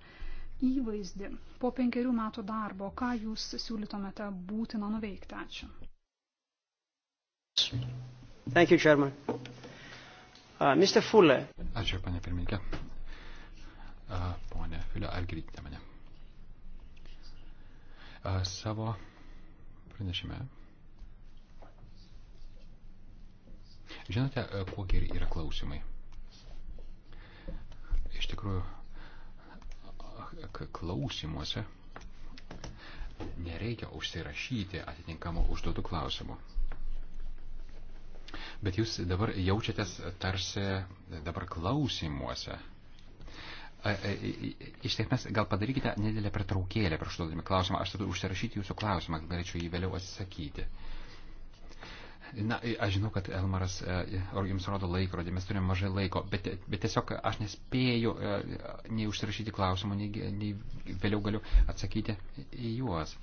B: įvaizdį. Po penkerių metų darbo, ką jūs siūlytumėte būtina nuveikti? Ačiū.
C: Thank you, Chairman. Uh, Mr. Fuller.
A: Ačiū, panė pirmininkė. Uh, ponė Filė, ar girdite mane? Uh, savo pranešime. Žinote, uh, kuo geri yra klausimai? Iš tikrųjų, uh, klausimuose nereikia užsirašyti atitinkamų užduotų klausimų. Bet jūs dabar jaučiatės tarsi dabar klausimuose. Iš tiesmės, gal padarykite nedėlę pertraukėlę prieš duodami klausimą. Aš turiu užsirašyti jūsų klausimą, galėčiau jį vėliau atsisakyti. Na, aš žinau, kad Elmaras e, jums rodo laikrodį, mes turime mažai laiko, bet, bet tiesiog aš nespėju e, nei užsirašyti klausimų, nei, nei vėliau galiu atsakyti į juos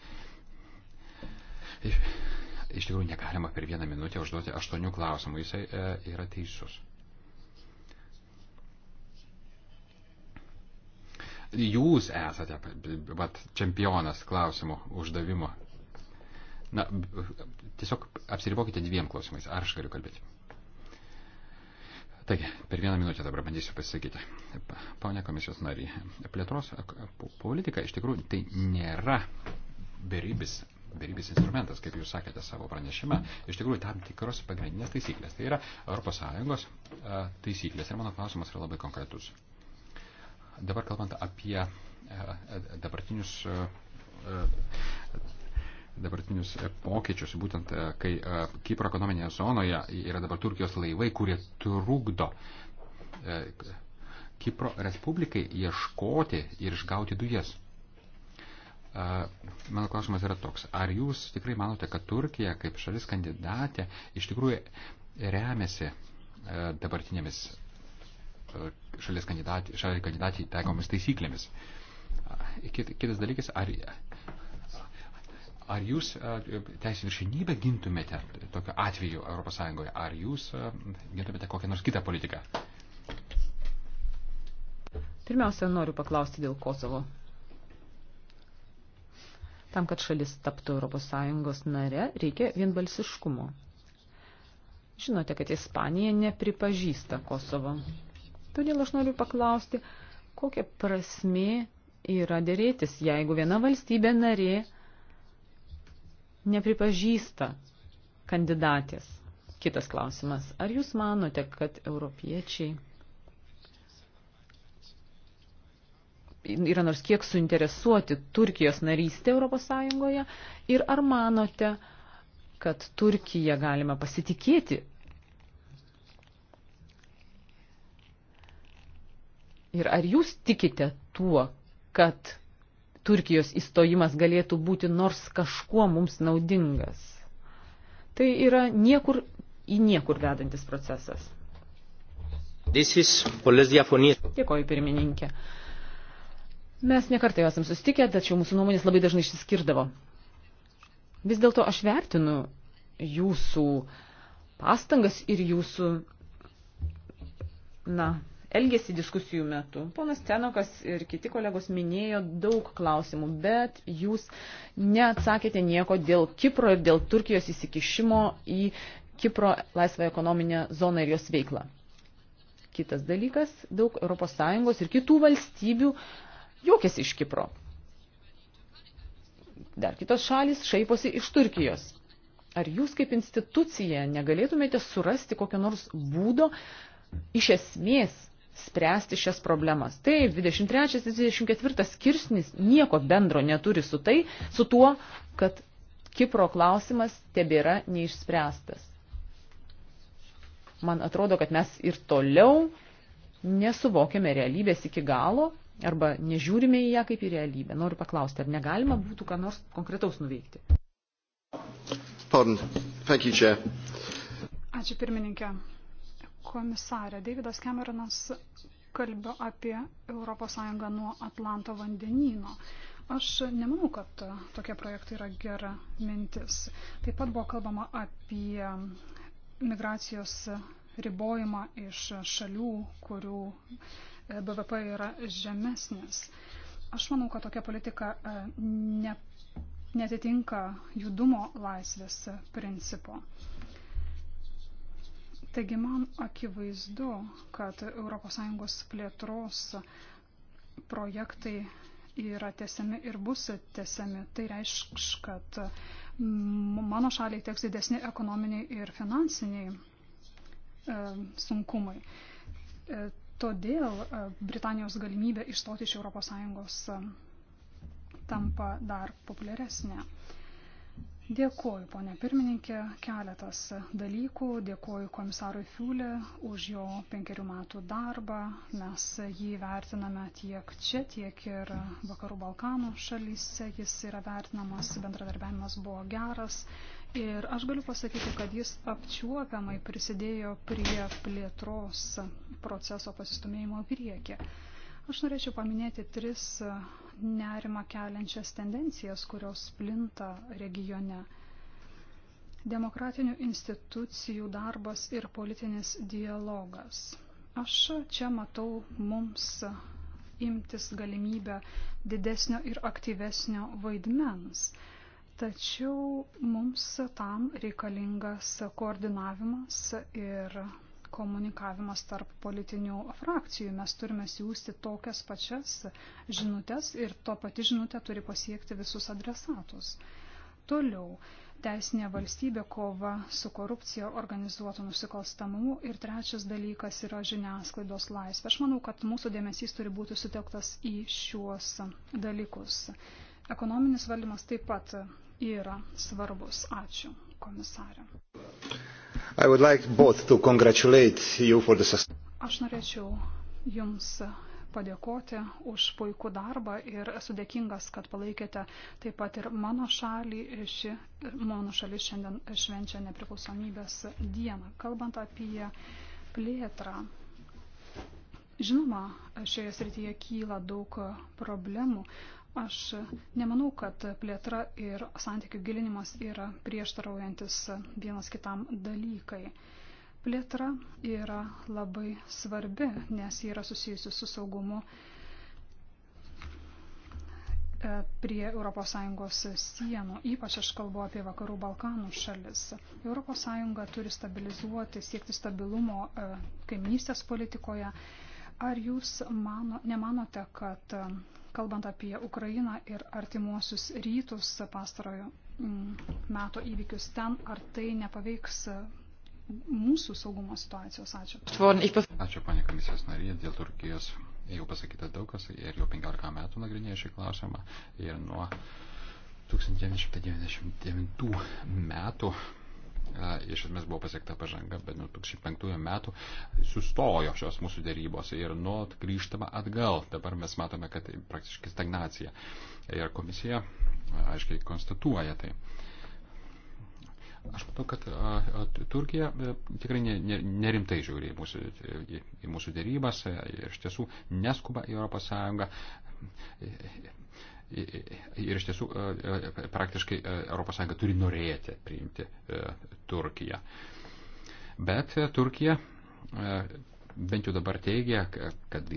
A: iš tikrųjų negalima per vieną minutę užduoti aštuonių klausimų. Jisai e, yra teisus. Jūs esate vat, čempionas klausimų uždavimo. Na, tiesiog apsiribokite dviem klausimais. Ar aš galiu kalbėti? Taigi, per vieną minutę dabar bandysiu pasakyti. Pone komisijos nariai, plėtros politika iš tikrųjų tai nėra beribis darybės instrumentas, kaip jūs sakėte savo pranešime, iš tikrųjų tam tikros pagrindinės taisyklės. Tai yra ES e, taisyklės. Ir mano klausimas yra labai konkretus. Dabar kalbant apie e, e, dabartinius dabartinius pokyčius, būtent kai Kipro ekonominėje zonoje yra dabar Turkijos laivai, kurie trukdo Kipro Respublikai ieškoti ir išgauti dujas. Mano klausimas yra toks. Ar jūs tikrai manote, kad Turkija kaip šalis kandidatė iš tikrųjų remiasi e, dabartinėmis e, šalies kandidatį, šalies kandidatį taikomis taisyklėmis? Kitas dalykis, ar, ar jūs e, teisų viršinybę gintumėte tokiu atveju ES, ar jūs gintumėte kokią nors kitą politiką?
C: Pirmiausia, noriu paklausti dėl Kosovo. Tam, kad šalis taptų ES nare, reikia vienbalsiškumo. Žinote, kad Ispanija nepripažįsta Kosovo. Todėl aš noriu paklausti, kokia prasmė yra dėrėtis, jeigu viena valstybė narė nepripažįsta kandidatės. Kitas klausimas. Ar jūs manote, kad europiečiai yra nors kiek suinteresuoti Turkijos narystė Europos Sąjungoje ir ar manote, kad Turkiją galima pasitikėti? Ir ar jūs tikite tuo, kad Turkijos įstojimas galėtų būti nors kažkuo mums naudingas? Tai yra niekur į niekur vedantis procesas. Dėkoju pirmininkė. Mes nekartai esam susitikę, tačiau mūsų nuomonės labai dažnai išsiskirdavo. Vis dėlto aš vertinu jūsų pastangas ir jūsų, na, elgesi diskusijų metu. Ponas Tenokas ir kiti kolegos minėjo daug klausimų, bet jūs neatsakėte nieko dėl Kipro ir dėl Turkijos įsikišimo į Kipro laisvą ekonominę zoną ir jos veiklą. Kitas dalykas, daug ES ir kitų valstybių juokiasi iš Kipro. Dar kitos šalis šaiposi iš Turkijos. Ar jūs kaip institucija negalėtumėte surasti kokio nors būdo iš esmės spręsti šias problemas. Tai 23-24 skirsnis nieko bendro neturi su, tai, su tuo, kad Kipro klausimas tebėra neišspręstas. Man atrodo, kad mes ir toliau nesuvokiame realybės iki galo arba nežiūrime į ją kaip į realybę. Noriu paklausti, ar negalima būtų ką nors konkretaus nuveikti?
A: Pardon. Thank you, Chair.
B: Ačiū pirmininkė. Komisarė Davidas Cameronas kalbėjo apie ES nuo Atlanto vandenyno. Aš nemanau, kad tokie projektai yra gera mintis. Taip pat buvo kalbama apie migracijos ribojimą iš šalių, kurių BVP yra žemesnis. Aš manau, kad tokia politika e, ne, netitinka judumo laisvės principo. Taigi man akivaizdu, kad ES plėtros projektai yra tesiami ir bus tesiami. Tai reiškia, kad mano šaliai teks didesni ekonominiai ir finansiniai e, sunkumai. E, Todėl e, Britanijos galimybė išstoti iš ES e, tampa dar populiaresnė. Dėkuoju, ponė pirmininkė, keletas dalykų. Dėkuoju komisarui Fiulė už jo penkerių metų darbą. Mes jį vertiname tiek čia, tiek ir Vakarų Balkanų šalyse. Jis yra vertinamas, bendradarbiavimas buvo geras. Ir aš galiu pasakyti, kad jis apčiuopiamai prisidėjo prie plėtros proceso pasistumėjimo priekį. Aš norėčiau paminėti tris nerima keliančias tendencijas, kurios plinta regione. Demokratinių institucijų darbas ir politinis dialogas. Aš čia matau mums imtis galimybę didesnio ir aktyvesnio vaidmens. Tačiau mums tam reikalingas koordinavimas ir komunikavimas tarp politinių frakcijų. Mes turime siūsti tokias pačias žinutės ir to pati žinutė turi pasiekti visus adresatus. Toliau, teisinė valstybė, kova su korupcija, organizuotų nusikalstamumu ir trečias dalykas yra žiniasklaidos laisvė. Aš manau, kad mūsų dėmesys turi būti sutelktas į šiuos dalykus. Ekonominis valdymas taip pat yra svarbus. Ačiū, komisarė. Like Aš norėčiau Jums padėkoti už puikų darbą ir esu dėkingas, kad palaikėte taip pat ir mano šalį. Ši, mano šalis šiandien švenčia nepriklausomybės dieną. Kalbant apie plėtrą. Žinoma, šioje srityje kyla daug problemų. Aš nemanau, kad plėtra ir santykių gilinimas yra prieštaraujantis vienas kitam dalykai. Plėtra yra labai svarbi, nes ji yra susijusi su saugumu e, prie ES sienų. Ypač aš kalbu apie Vakarų Balkanų šalis. ES turi stabilizuoti, siekti stabilumo e, kaimynystės politikoje. Ar jūs mano, nemanote, kad Kalbant apie Ukrainą ir artimuosius rytus pastarojo mm, meto įvykius ten, ar tai nepaveiks e, mūsų saugumo situacijos? Ačiū.
A: Ačiū, panė komisijos narė, dėl Turkijos jau pasakyta daug kas ir jau 15 metų nagrinėja šį klausimą ir nuo 1999 metų iš esmės buvo pasiekta pažanga, bet nuo 2005 metų sustojo šios mūsų dėrybos ir nuot grįžtama atgal. Dabar mes matome, kad tai praktiškai stagnacija. Ir komisija aiškiai konstatuoja tai. Aš matau, kad a, a, Turkija a, tikrai ne, ne, nerimtai žiūri į mūsų, į, į mūsų dėrybas ir iš tiesų neskuba į ES. Ir iš tiesų e, e, praktiškai ES turi norėti priimti e, Turkiją. Bet Turkija bent jau dabar teigia, kad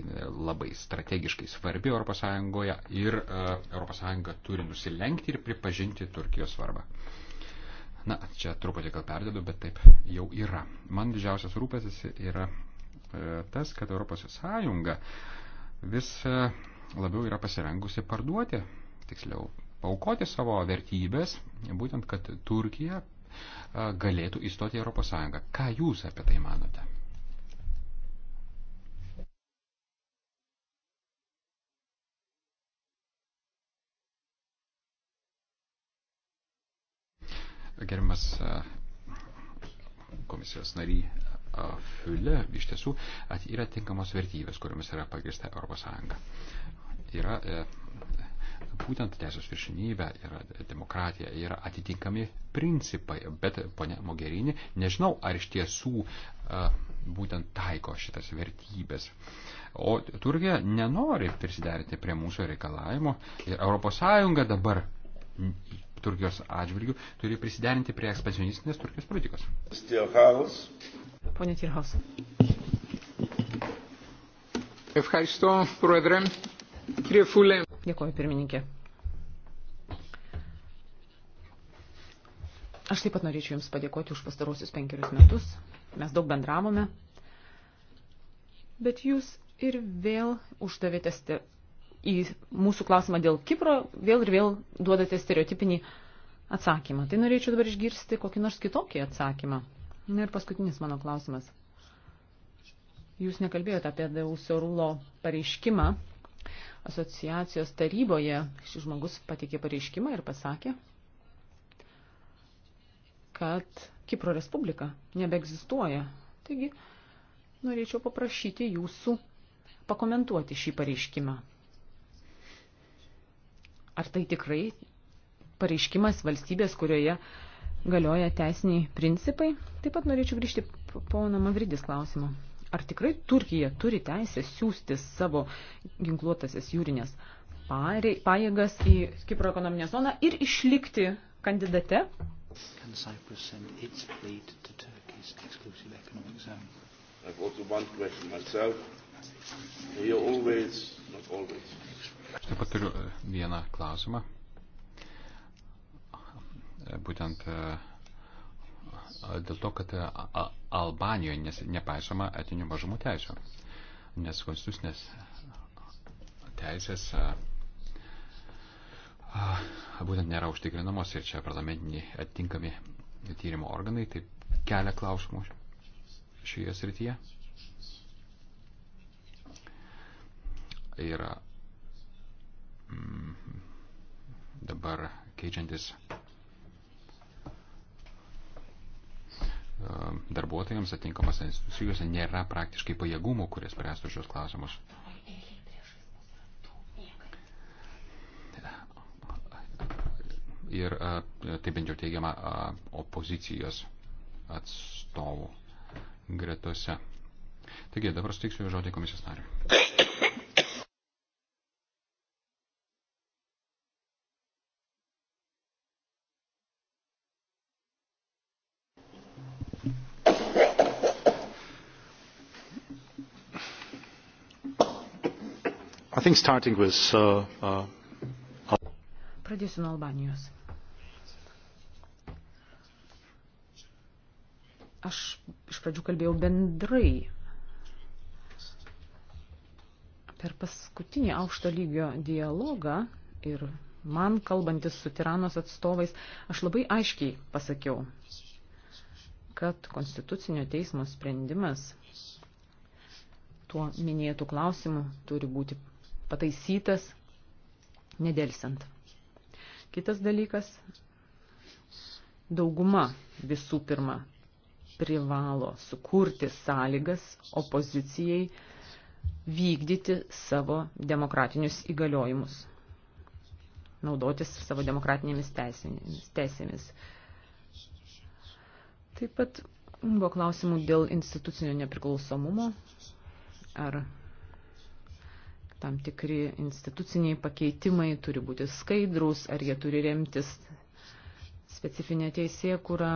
A: labai strategiškai svarbi ES ir ES turi nusilenkti ir pripažinti Turkijos svarbą. Na, čia truputį gal perdedu, bet taip jau yra. Man didžiausias rūpesis yra tas, kad ES vis labiau yra pasirengusi parduoti, tiksliau, paukoti savo vertybės, būtent, kad Turkija galėtų įstoti į Europos Sąjungą. Ką jūs apie tai manote? Gerimas komisijos nariai Fiule iš tiesų yra tinkamos vertybės, kuriomis yra pagrįsta Europos Sąjunga yra e, būtent teisės viršinybė ir demokratija yra atitinkami principai, bet ponė Mogerini, nežinau, ar iš tiesų e, būtent taiko šitas vertybės. O Turkija nenori prisiderinti prie mūsų reikalavimo ir ES dabar Turkijos atžvilgių turi prisiderinti prie ekspansionistinės Turkijos
B: politikos.
A: Pone Tirhaus. Ευχαριστώ, Πρόεδρε. Dėkuoju, pirmininkė. Aš
C: taip pat norėčiau Jums padėkoti už pastarosius penkerius metus. Mes daug bendravome. Bet Jūs ir vėl uždavėte į mūsų klausimą dėl Kipro, vėl ir vėl duodate stereotipinį atsakymą. Tai norėčiau dabar išgirsti kokį nors kitokį atsakymą. Na ir paskutinis mano klausimas. Jūs nekalbėjote apie Deusorulo pareiškimą, asociacijos taryboje šis žmogus pateikė pareiškimą ir pasakė, kad Kipro Respublika nebeegzistuoja. Taigi, norėčiau paprašyti jūsų pakomentuoti šį pareiškimą. Ar tai tikrai pareiškimas valstybės, kurioje galioja teisiniai principai? Taip pat norėčiau grįžti po Mavridis klausimo. Ar tikrai Turkija turi teisę siūsti savo ginkluotasias jūrinės pajėgas į Kipro ekonominę zoną ir išlikti kandidate?
B: Aš
A: taip pat turiu e, vieną klausimą. E, būtent uh, dėl to, kad Albanijoje nes, nepaisoma etinių mažumų teisų, nes konstitucinės teisės a, a, būtent nėra užtikrinamos ir čia parlamentiniai atitinkami tyrimo organai, taip kelia klausimų šioje srityje. Ir mm, dabar keičiantis darbuotojams atinkamas institucijose nėra praktiškai pajėgumų, kurie spręstų šios klausimus. Ir tai bent jau teigiama opozicijos atstovų gretose. Taigi, dabar suteiksiu žodį komisijos nariui. think starting with uh, uh,
C: Pradėsiu nuo Albanijos. Aš iš pradžių kalbėjau bendrai. Per paskutinį aukšto lygio dialogą ir man kalbantis su tiranos atstovais, aš labai aiškiai pasakiau, kad konstitucinio teismo sprendimas tuo minėtų klausimu turi būti pataisytas nedelsant. Kitas dalykas - dauguma visų pirma privalo sukurti sąlygas opozicijai vykdyti savo demokratinius įgaliojimus, naudotis savo demokratinėmis teisėmis. Taip pat buvo klausimų dėl institucinio nepriklausomumo, ar tam tikri instituciniai pakeitimai turi būti skaidrus, ar jie turi remtis specifinė teisė, kurą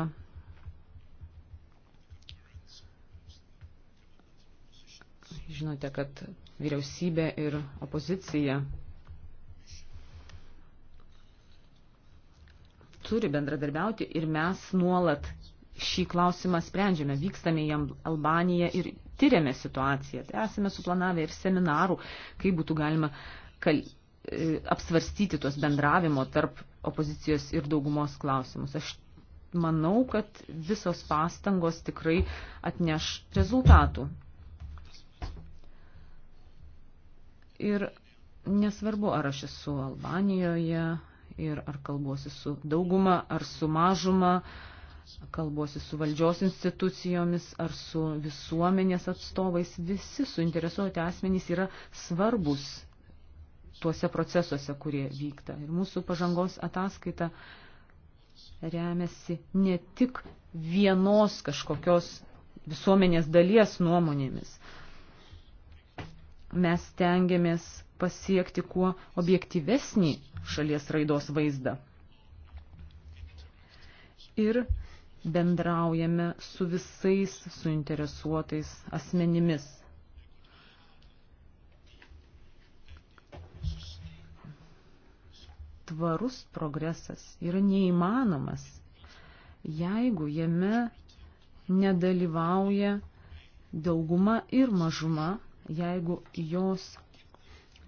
C: žinote, kad vyriausybė ir opozicija turi bendradarbiauti ir mes nuolat šį klausimą sprendžiame. Vykstame į Albaniją ir tyrėme situaciją. Tai esame suplanavę ir seminarų, kaip būtų galima kal e, apsvarstyti tuos bendravimo tarp opozicijos ir daugumos klausimus. Aš manau, kad visos pastangos tikrai atneš rezultatų. Ir nesvarbu, ar aš esu Albanijoje, ir ar kalbuosi su dauguma, ar su mažuma, uh, kalbuosi su valdžios institucijomis ar su visuomenės atstovais, visi suinteresuoti asmenys yra svarbus tuose procesuose, kurie vyksta. Ir mūsų pažangos ataskaita remiasi ne tik vienos kažkokios visuomenės dalies nuomonėmis. Mes tengiamės pasiekti kuo objektyvesnį šalies raidos vaizdą. Ir bendraujame su visais suinteresuotais asmenimis. Tvarus progresas yra neįmanomas, jeigu jame nedalyvauja dauguma ir mažuma, jeigu jos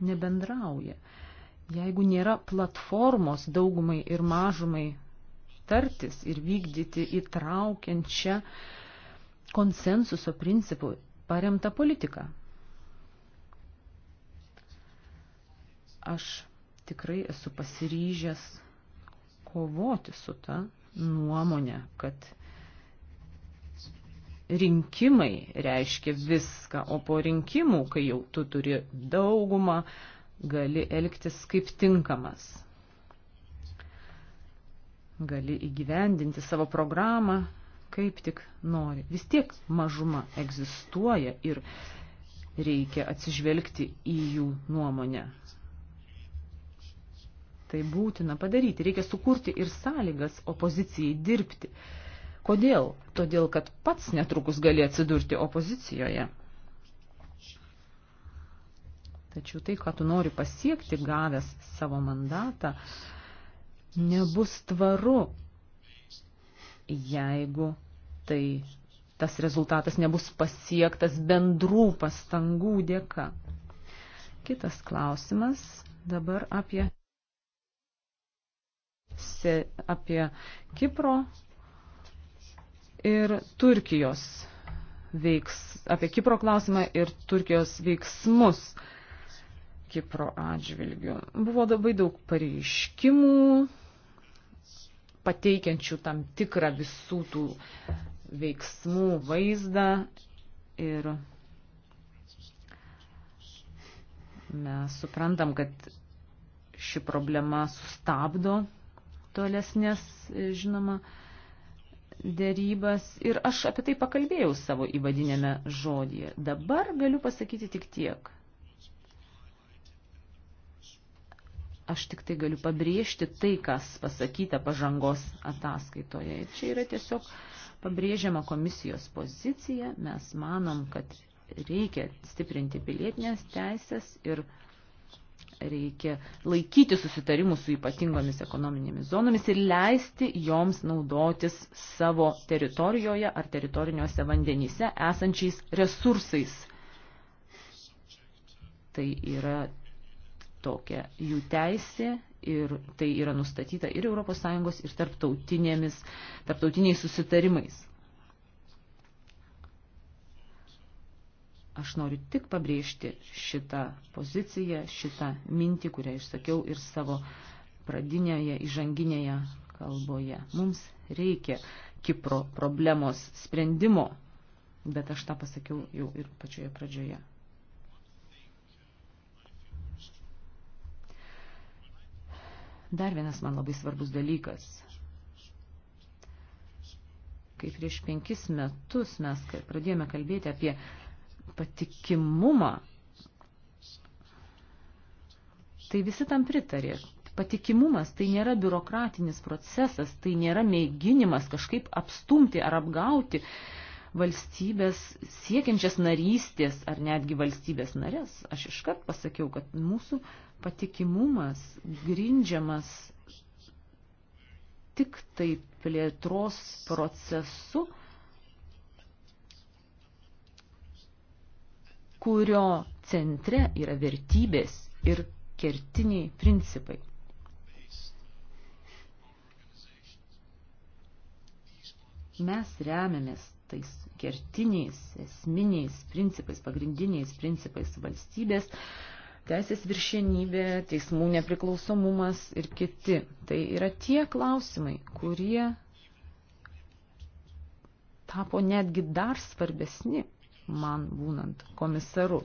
C: nebendrauja, jeigu nėra platformos daugumai ir mažumai tartis ir vykdyti įtraukiančią konsensuso principų paremtą politiką. Aš tikrai esu pasiryžęs kovoti su ta nuomonė, kad rinkimai reiškia viską, o po rinkimų, kai jau tu turi daugumą, gali elgtis kaip tinkamas gali įgyvendinti savo programą, kaip tik nori. Vis tiek mažuma egzistuoja ir reikia atsižvelgti į jų nuomonę. Tai būtina padaryti. Reikia sukurti ir sąlygas opozicijai dirbti. Kodėl? Todėl, kad pats netrukus gali atsidurti opozicijoje. Tačiau tai, ką tu nori pasiekti, gavęs savo mandatą, uh, nebus tvaru, jeigu tai tas rezultatas nebus pasiektas bendrų pastangų dėka. Kitas klausimas dabar apie, apie Kipro ir Turkijos veiks, apie Kipro klausimą ir Turkijos veiksmus. Kipro atžvilgių. Buvo labai daug pareiškimų, pateikiančių tam tikrą visų tų veiksmų vaizdą ir mes suprantam, kad ši problema sustabdo tolesnės, žinoma, dėrybas ir aš apie tai pakalbėjau savo įvadinėme žodyje. Dabar galiu pasakyti tik tiek. Aš tik tai galiu pabrėžti tai, kas pasakyta pažangos ataskaitoje. Ir čia yra tiesiog pabrėžiama komisijos pozicija. Mes manom, kad reikia stiprinti pilietinės teisės ir reikia laikyti susitarimų su ypatingomis ekonominėmis zonomis ir leisti joms naudotis savo teritorijoje ar teritoriniuose vandenyse esančiais resursais. Tai yra tokia jų teisė ir tai yra nustatyta ir ES, ir tarptautinėmis, tarptautiniais susitarimais. Aš noriu tik pabrėžti šitą poziciją, šitą mintį, kurią išsakiau ir savo pradinėje, įžanginėje kalboje. Mums reikia Kipro problemos sprendimo, bet aš tą pasakiau jau ir pačioje pradžioje. Dar vienas man labai svarbus dalykas. Kai prieš penkis metus mes pradėjome kalbėti apie patikimumą, tai visi tam pritarė. Patikimumas tai nėra biurokratinis procesas, tai nėra mėginimas kažkaip apstumti ar apgauti valstybės siekiančias narystės ar netgi valstybės narės. Aš iškart pasakiau, kad mūsų patikimumas grindžiamas tik tai plėtros procesu, kurio centre yra vertybės ir kertiniai principai. Mes remiamės tais kertiniais, esminiais principais, pagrindiniais principais valstybės, teisės viršienybė, teismų nepriklausomumas ir kiti. Tai yra tie klausimai, kurie tapo netgi dar svarbesni man būnant komisaru.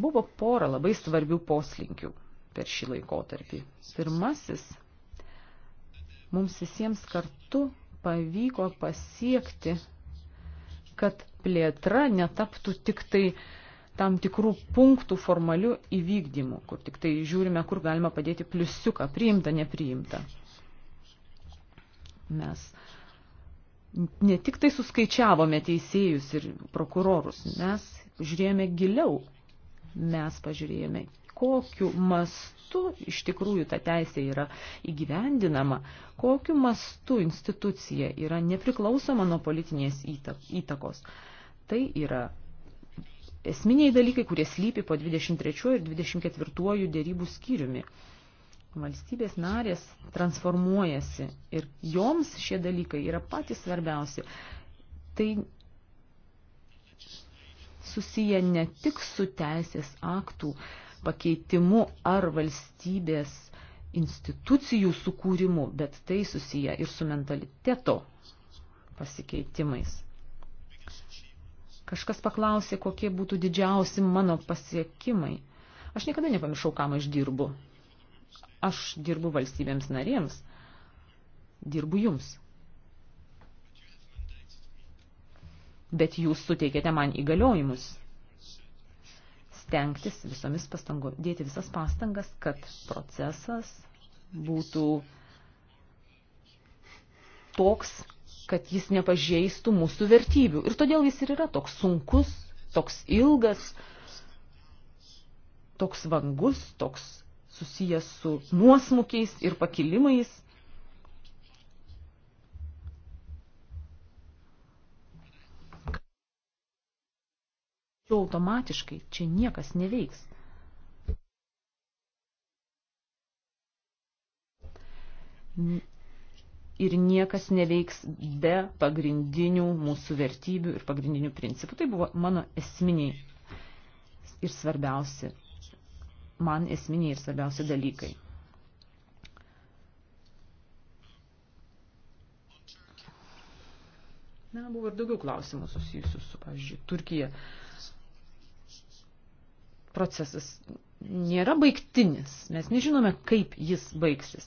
C: Buvo pora labai svarbių poslinkių per šį laikotarpį. Pirmasis mums visiems kartu pavyko pasiekti, kad plėtra netaptų tik tai tam tikrų punktų formalių įvykdymų, kur tik tai žiūrime, kur galima padėti pliusiuką, priimta, nepriimta. Mes ne tik tai suskaičiavome teisėjus ir prokurorus, mes žiūrėjome giliau, mes pažiūrėjome, kokiu mastu iš tikrųjų ta teisė yra įgyvendinama, kokiu mastu institucija yra nepriklausoma nuo politinės įtakos. Tai yra esminiai dalykai, kurie slypi po 23 ir 24 dėrybų skyriumi. Valstybės narės transformuojasi ir joms šie dalykai yra patys svarbiausi. Tai susiję ne tik su teisės aktų uh, pakeitimu ar valstybės institucijų sukūrimu, bet tai susiję ir su mentaliteto pasikeitimais. Kažkas paklausė, kokie būtų didžiausi mano pasiekimai. Aš niekada nepamiršau, kam aš dirbu. Aš dirbu valstybėms narėms. Dirbu jums. Bet jūs suteikėte man įgaliojimus stengtis visomis pastango, dėti visas pastangas, kad procesas būtų toks, kad jis nepažeistų mūsų vertybių. Ir todėl jis ir yra toks sunkus, toks ilgas, toks vangus, toks susijęs su nuosmukiais ir pakilimais. jau automatiškai, čia niekas neveiks. Ir niekas neveiks be pagrindinių mūsų vertybių ir pagrindinių principų. Tai buvo mano esminiai ir svarbiausi, man esminiai ir svarbiausi dalykai. Na, buvo ir daugiau klausimų susijusių su, pavyzdžiui, Turkija. Uh, procesas nėra baigtinis, mes nežinome, kaip jis baigsis.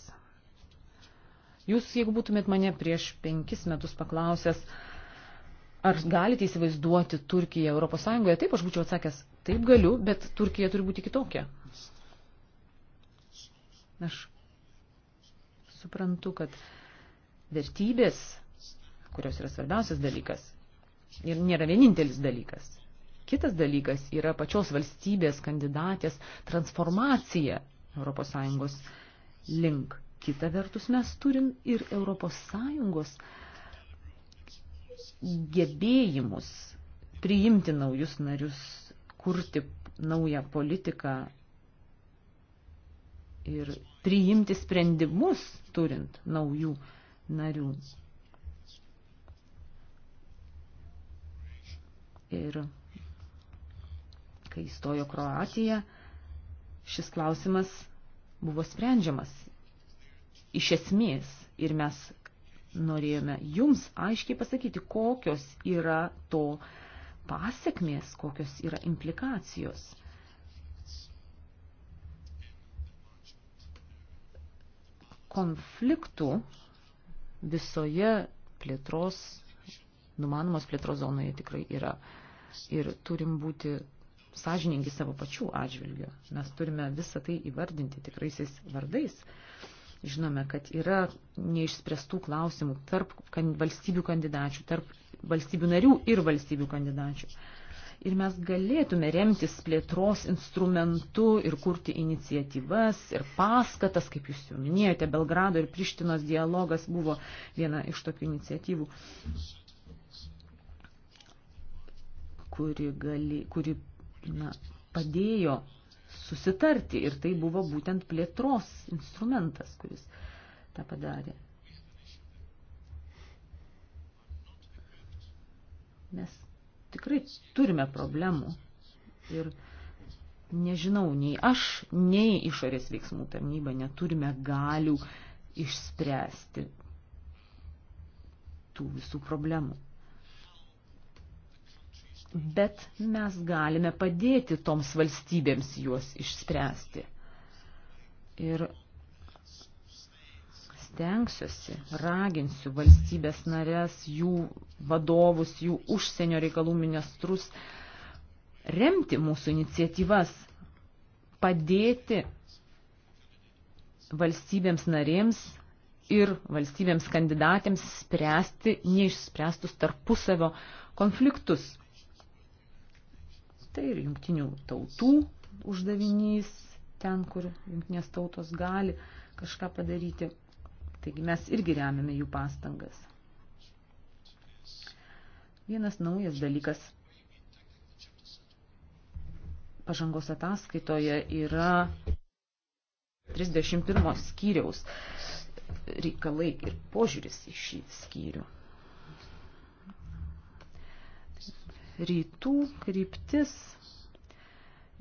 C: Jūs, jeigu būtumėt mane prieš penkis metus paklausęs, ar galite įsivaizduoti Turkiją Europos Sąjungoje, taip aš būčiau atsakęs, taip galiu, bet Turkija turi būti kitokia. Aš suprantu, kad vertybės, kurios yra svarbiausias dalykas, ir nėra vienintelis dalykas – Kitas dalykas yra pačios valstybės kandidatės transformacija ES link. Kita vertus, mes turim ir ES gebėjimus priimti naujus narius, kurti naują politiką ir priimti sprendimus turint naujų narių. Ir kai įstojo Kroatija, šis klausimas buvo sprendžiamas iš esmės ir mes norėjome jums aiškiai pasakyti, kokios yra to pasiekmės, kokios yra implikacijos. Konfliktų visoje plėtros, numanomos plėtros zonoje tikrai yra. Ir turim būti sąžiningi savo pačių atžvilgių. Mes turime visą tai įvardinti tikraisiais vardais. Žinome, kad yra neišspręstų klausimų tarp valstybių kandidačių, tarp valstybių narių ir valstybių kandidačių. Ir mes galėtume remtis plėtros instrumentu ir kurti iniciatyvas ir paskatas, kaip jūs jau minėjote, Belgrado ir Prištinos dialogas buvo viena iš tokių iniciatyvų, kuri, gali, kuri na, padėjo susitarti ir tai buvo būtent plėtros instrumentas, kuris tą padarė. Mes tikrai turime problemų ir nežinau, nei aš, nei išorės veiksmų tarnyba neturime galių išspręsti tų visų problemų bet mes galime padėti toms valstybėms juos išspręsti. Ir stengsiuosi, raginsiu valstybės narės, jų vadovus, jų užsienio reikalų ministrus remti mūsų iniciatyvas, padėti valstybėms narėms ir valstybėms kandidatėms spręsti neišspręstus tarpusavio konfliktus. Tai ir jungtinių tautų uždavinys ten, kur jungtinės tautos gali kažką padaryti. Taigi mes irgi remiame jų pastangas. Vienas naujas dalykas pažangos ataskaitoje yra 31 skyriaus reikalai ir požiūris į šį skyrių. rytų kryptis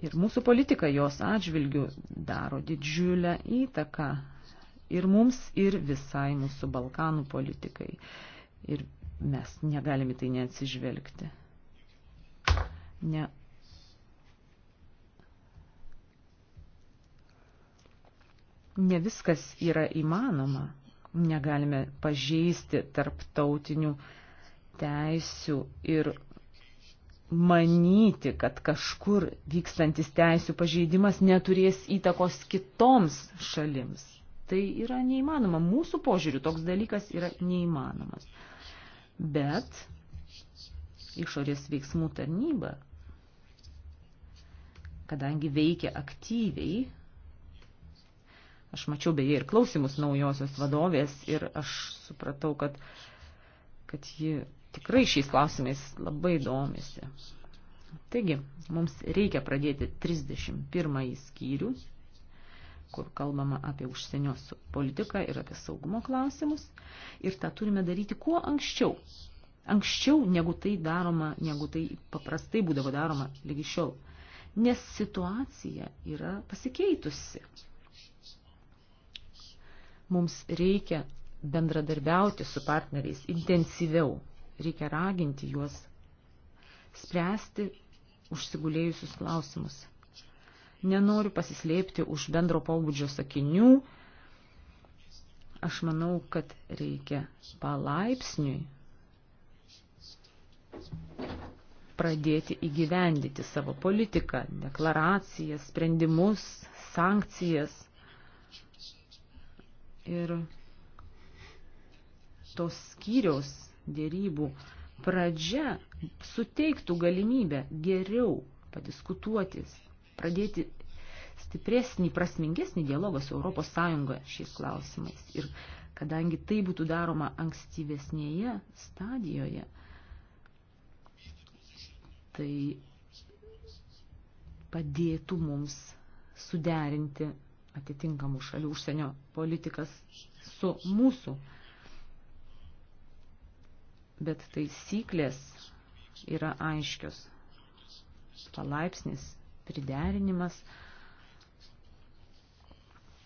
C: ir mūsų politika jos atžvilgių daro didžiulę įtaką ir mums, ir visai mūsų Balkanų politikai. Ir mes negalime tai neatsižvelgti. Ne. Ne viskas yra įmanoma. Negalime pažeisti tarptautinių teisių ir manyti, kad kažkur vykstantis teisų pažeidimas neturės įtakos kitoms šalims. Tai yra neįmanoma. Mūsų požiūriu toks dalykas yra neįmanomas. Bet išorės veiksmų tarnyba, kadangi veikia aktyviai, aš mačiau beje ir klausimus naujosios vadovės ir aš supratau, kad, kad ji tikrai šiais klausimais labai domisi. Taigi, mums reikia pradėti 31 skyrių, kur kalbama apie užsienio politiką ir apie saugumo klausimus. Ir tą turime daryti kuo anksčiau. Anksčiau, negu tai daroma, negu tai paprastai būdavo daroma lygi šiol. Nes situacija yra pasikeitusi. Mums reikia bendradarbiauti su partneriais intensyviau, reikia raginti juos spręsti užsigulėjusius klausimus. Nenoriu pasislėpti už bendro pobūdžio sakinių. Aš manau, kad reikia palaipsniui pradėti įgyvendyti savo politiką, deklaracijas, sprendimus, sankcijas. Ir tos skyriaus dėrybų pradžia suteiktų galimybę geriau padiskutuotis, pradėti stipresnį, prasmingesnį dialogą su ES šiais klausimais. Ir kadangi tai būtų daroma ankstyvesnėje stadijoje, tai padėtų mums suderinti atitinkamų šalių užsienio politikas su mūsų bet taisyklės yra aiškios. Palaipsnis priderinimas.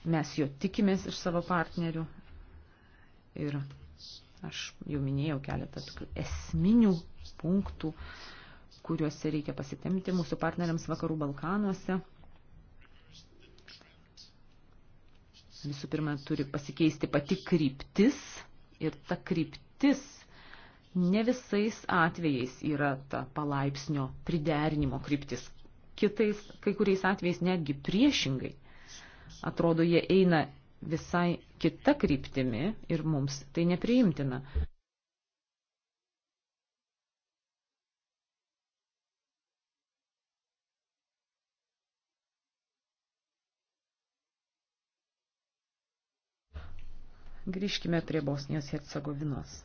C: Mes jo tikimės iš savo partnerių. Ir aš jau minėjau keletą tokių esminių punktų, kuriuose reikia pasitemti mūsų partneriams vakarų Balkanuose. Visų pirma, turi pasikeisti pati kryptis ir ta kryptis Ne visais atvejais yra ta palaipsnio priderinimo kryptis. Kitais, kai kuriais atvejais netgi priešingai. Atrodo, jie eina visai kita kryptimi ir mums tai nepriimtina. Grįžkime prie Bosnijos Hercegovinos.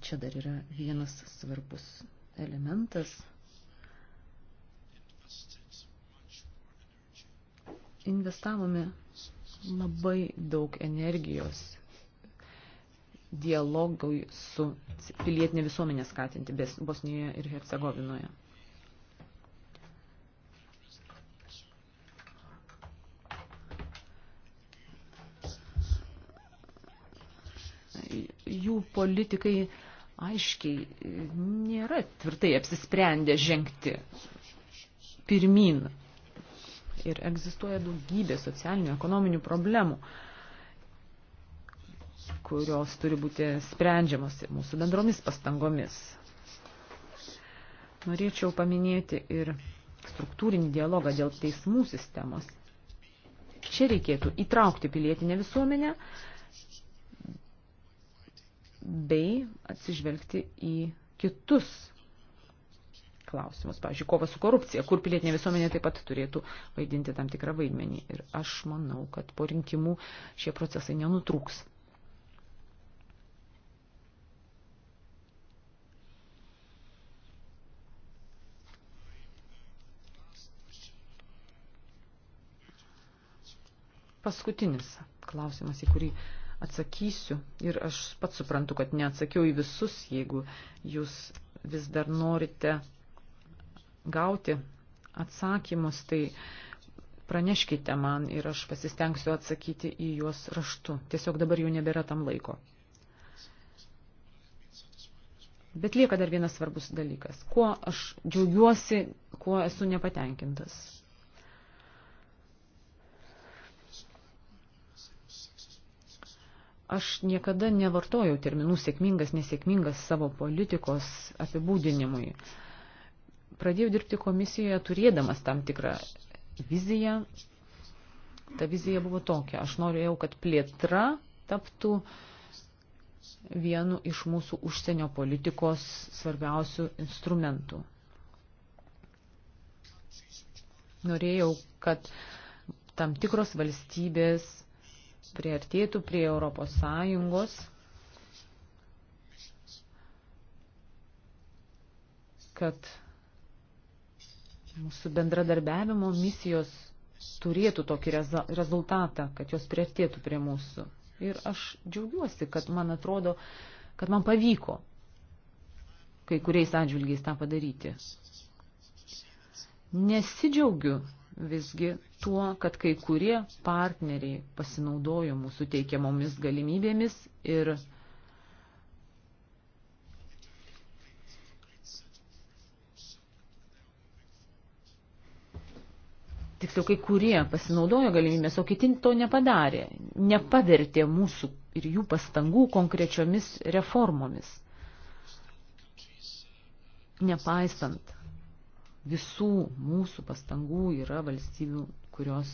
C: Čia dar yra vienas svarbus elementas. Investavome labai daug energijos dialogui su pilietinė visuomenė skatinti Bosnijoje ir Hercegovinoje. Jų politikai aiškiai nėra tvirtai apsisprendę žengti pirmin. Ir egzistuoja daugybė socialinių, ekonominių problemų, kurios turi būti sprendžiamos ir mūsų bendromis pastangomis. Norėčiau paminėti ir struktūrinį dialogą dėl teismų sistemos. Čia reikėtų įtraukti pilietinę visuomenę, bei atsižvelgti į kitus klausimus. Pavyzdžiui, kova su korupcija, kur pilietinė visuomenė taip pat turėtų vaidinti tam tikrą vaidmenį. Ir aš manau, kad po rinkimų šie procesai nenutrūks. Paskutinis klausimas, į kurį atsakysiu ir aš pats suprantu, kad neatsakiau į visus, jeigu jūs vis dar norite gauti atsakymus, tai praneškite man ir aš pasistengsiu atsakyti į juos raštu. Tiesiog dabar jau nebėra tam laiko. Bet lieka dar vienas svarbus dalykas. Kuo aš džiaugiuosi, kuo esu nepatenkintas. Aš niekada nevartojau terminų sėkmingas, nesėkmingas savo politikos apibūdinimui. Pradėjau dirbti komisijoje turėdamas tam tikrą viziją. Ta vizija buvo tokia. Aš norėjau, kad plėtra taptų vienu iš mūsų užsienio politikos svarbiausių instrumentų. Norėjau, kad tam tikros valstybės priartėtų prie Europos Sąjungos, kad mūsų bendradarbiavimo misijos turėtų tokį rezultatą, kad jos priartėtų prie mūsų. Ir aš džiaugiuosi, kad man atrodo, kad man pavyko kai kuriais atžvilgiais tą padaryti. Nesidžiaugiu visgi tuo, kad kai kurie partneriai pasinaudojo mūsų teikiamomis galimybėmis ir tiksliau tai kai kurie pasinaudojo galimybės, o kiti to nepadarė, nepavertė mūsų ir jų pastangų konkrečiomis reformomis. Nepaisant visų mūsų pastangų yra valstybių kurios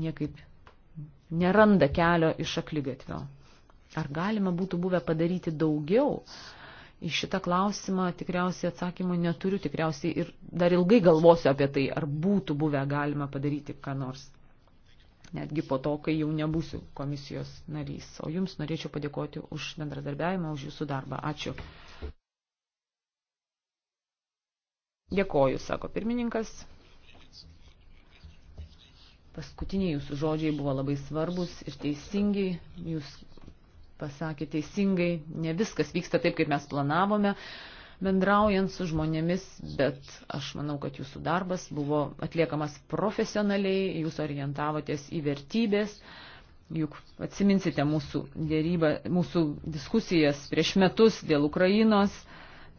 C: niekaip neranda kelio iš aklygatvio. Ar galima būtų buvę padaryti daugiau? Į šitą klausimą tikriausiai atsakymų neturiu, tikriausiai ir dar ilgai galvosiu apie tai, ar būtų buvę galima padaryti ką nors. Netgi po to, kai jau nebūsiu komisijos narys. O jums norėčiau padėkoti už bendradarbiavimą, už jūsų darbą. Ačiū. Dėkoju, sako pirmininkas. Paskutiniai jūsų žodžiai buvo labai svarbus ir teisingi. Jūs pasakė teisingai, ne viskas vyksta taip, kaip mes planavome, bendraujant su žmonėmis, bet aš manau, kad jūsų darbas buvo atliekamas profesionaliai, jūs orientavotės į vertybės, juk atsiminsite mūsų, dėrybą, mūsų diskusijas prieš metus dėl Ukrainos.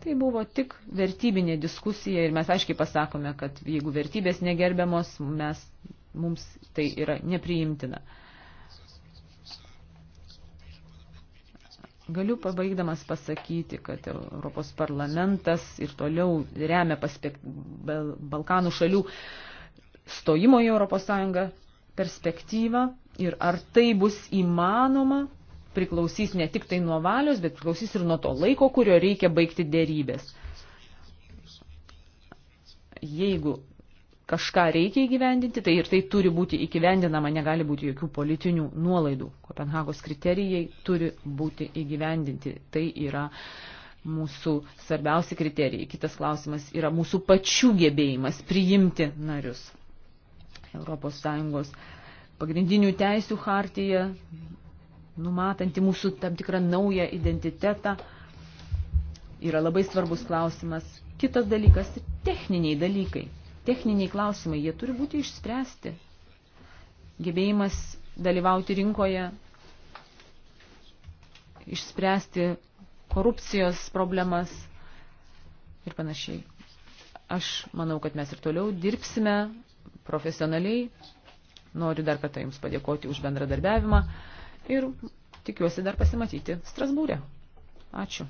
C: Tai buvo tik vertybinė diskusija ir mes aiškiai pasakome, kad jeigu vertybės negerbiamos, mes Mums tai yra nepriimtina. Galiu pabaigdamas pasakyti, kad Europos parlamentas ir toliau remia paspek... Balkanų šalių stojimo į Europos Sąjungą perspektyvą ir ar tai bus įmanoma priklausys ne tik tai nuo valios, bet priklausys ir nuo to laiko, kurio reikia baigti dėrybės. Jeigu kažką reikia įgyvendinti, tai ir tai turi būti įgyvendinama, negali būti jokių politinių nuolaidų. Kopenhagos kriterijai turi būti įgyvendinti. Tai yra mūsų svarbiausi kriterijai. Kitas klausimas yra mūsų pačių gebėjimas priimti narius. ES pagrindinių teisių hartija, numatanti mūsų tam tikrą naują identitetą, yra labai svarbus klausimas. Kitas dalykas - techniniai dalykai techniniai klausimai, jie turi būti išspręsti. Gebėjimas dalyvauti rinkoje, išspręsti korupcijos problemas ir panašiai. Aš manau, kad mes ir toliau dirbsime profesionaliai. Noriu dar kartą Jums padėkoti už bendradarbiavimą ir tikiuosi dar pasimatyti Strasbūrė. Ačiū.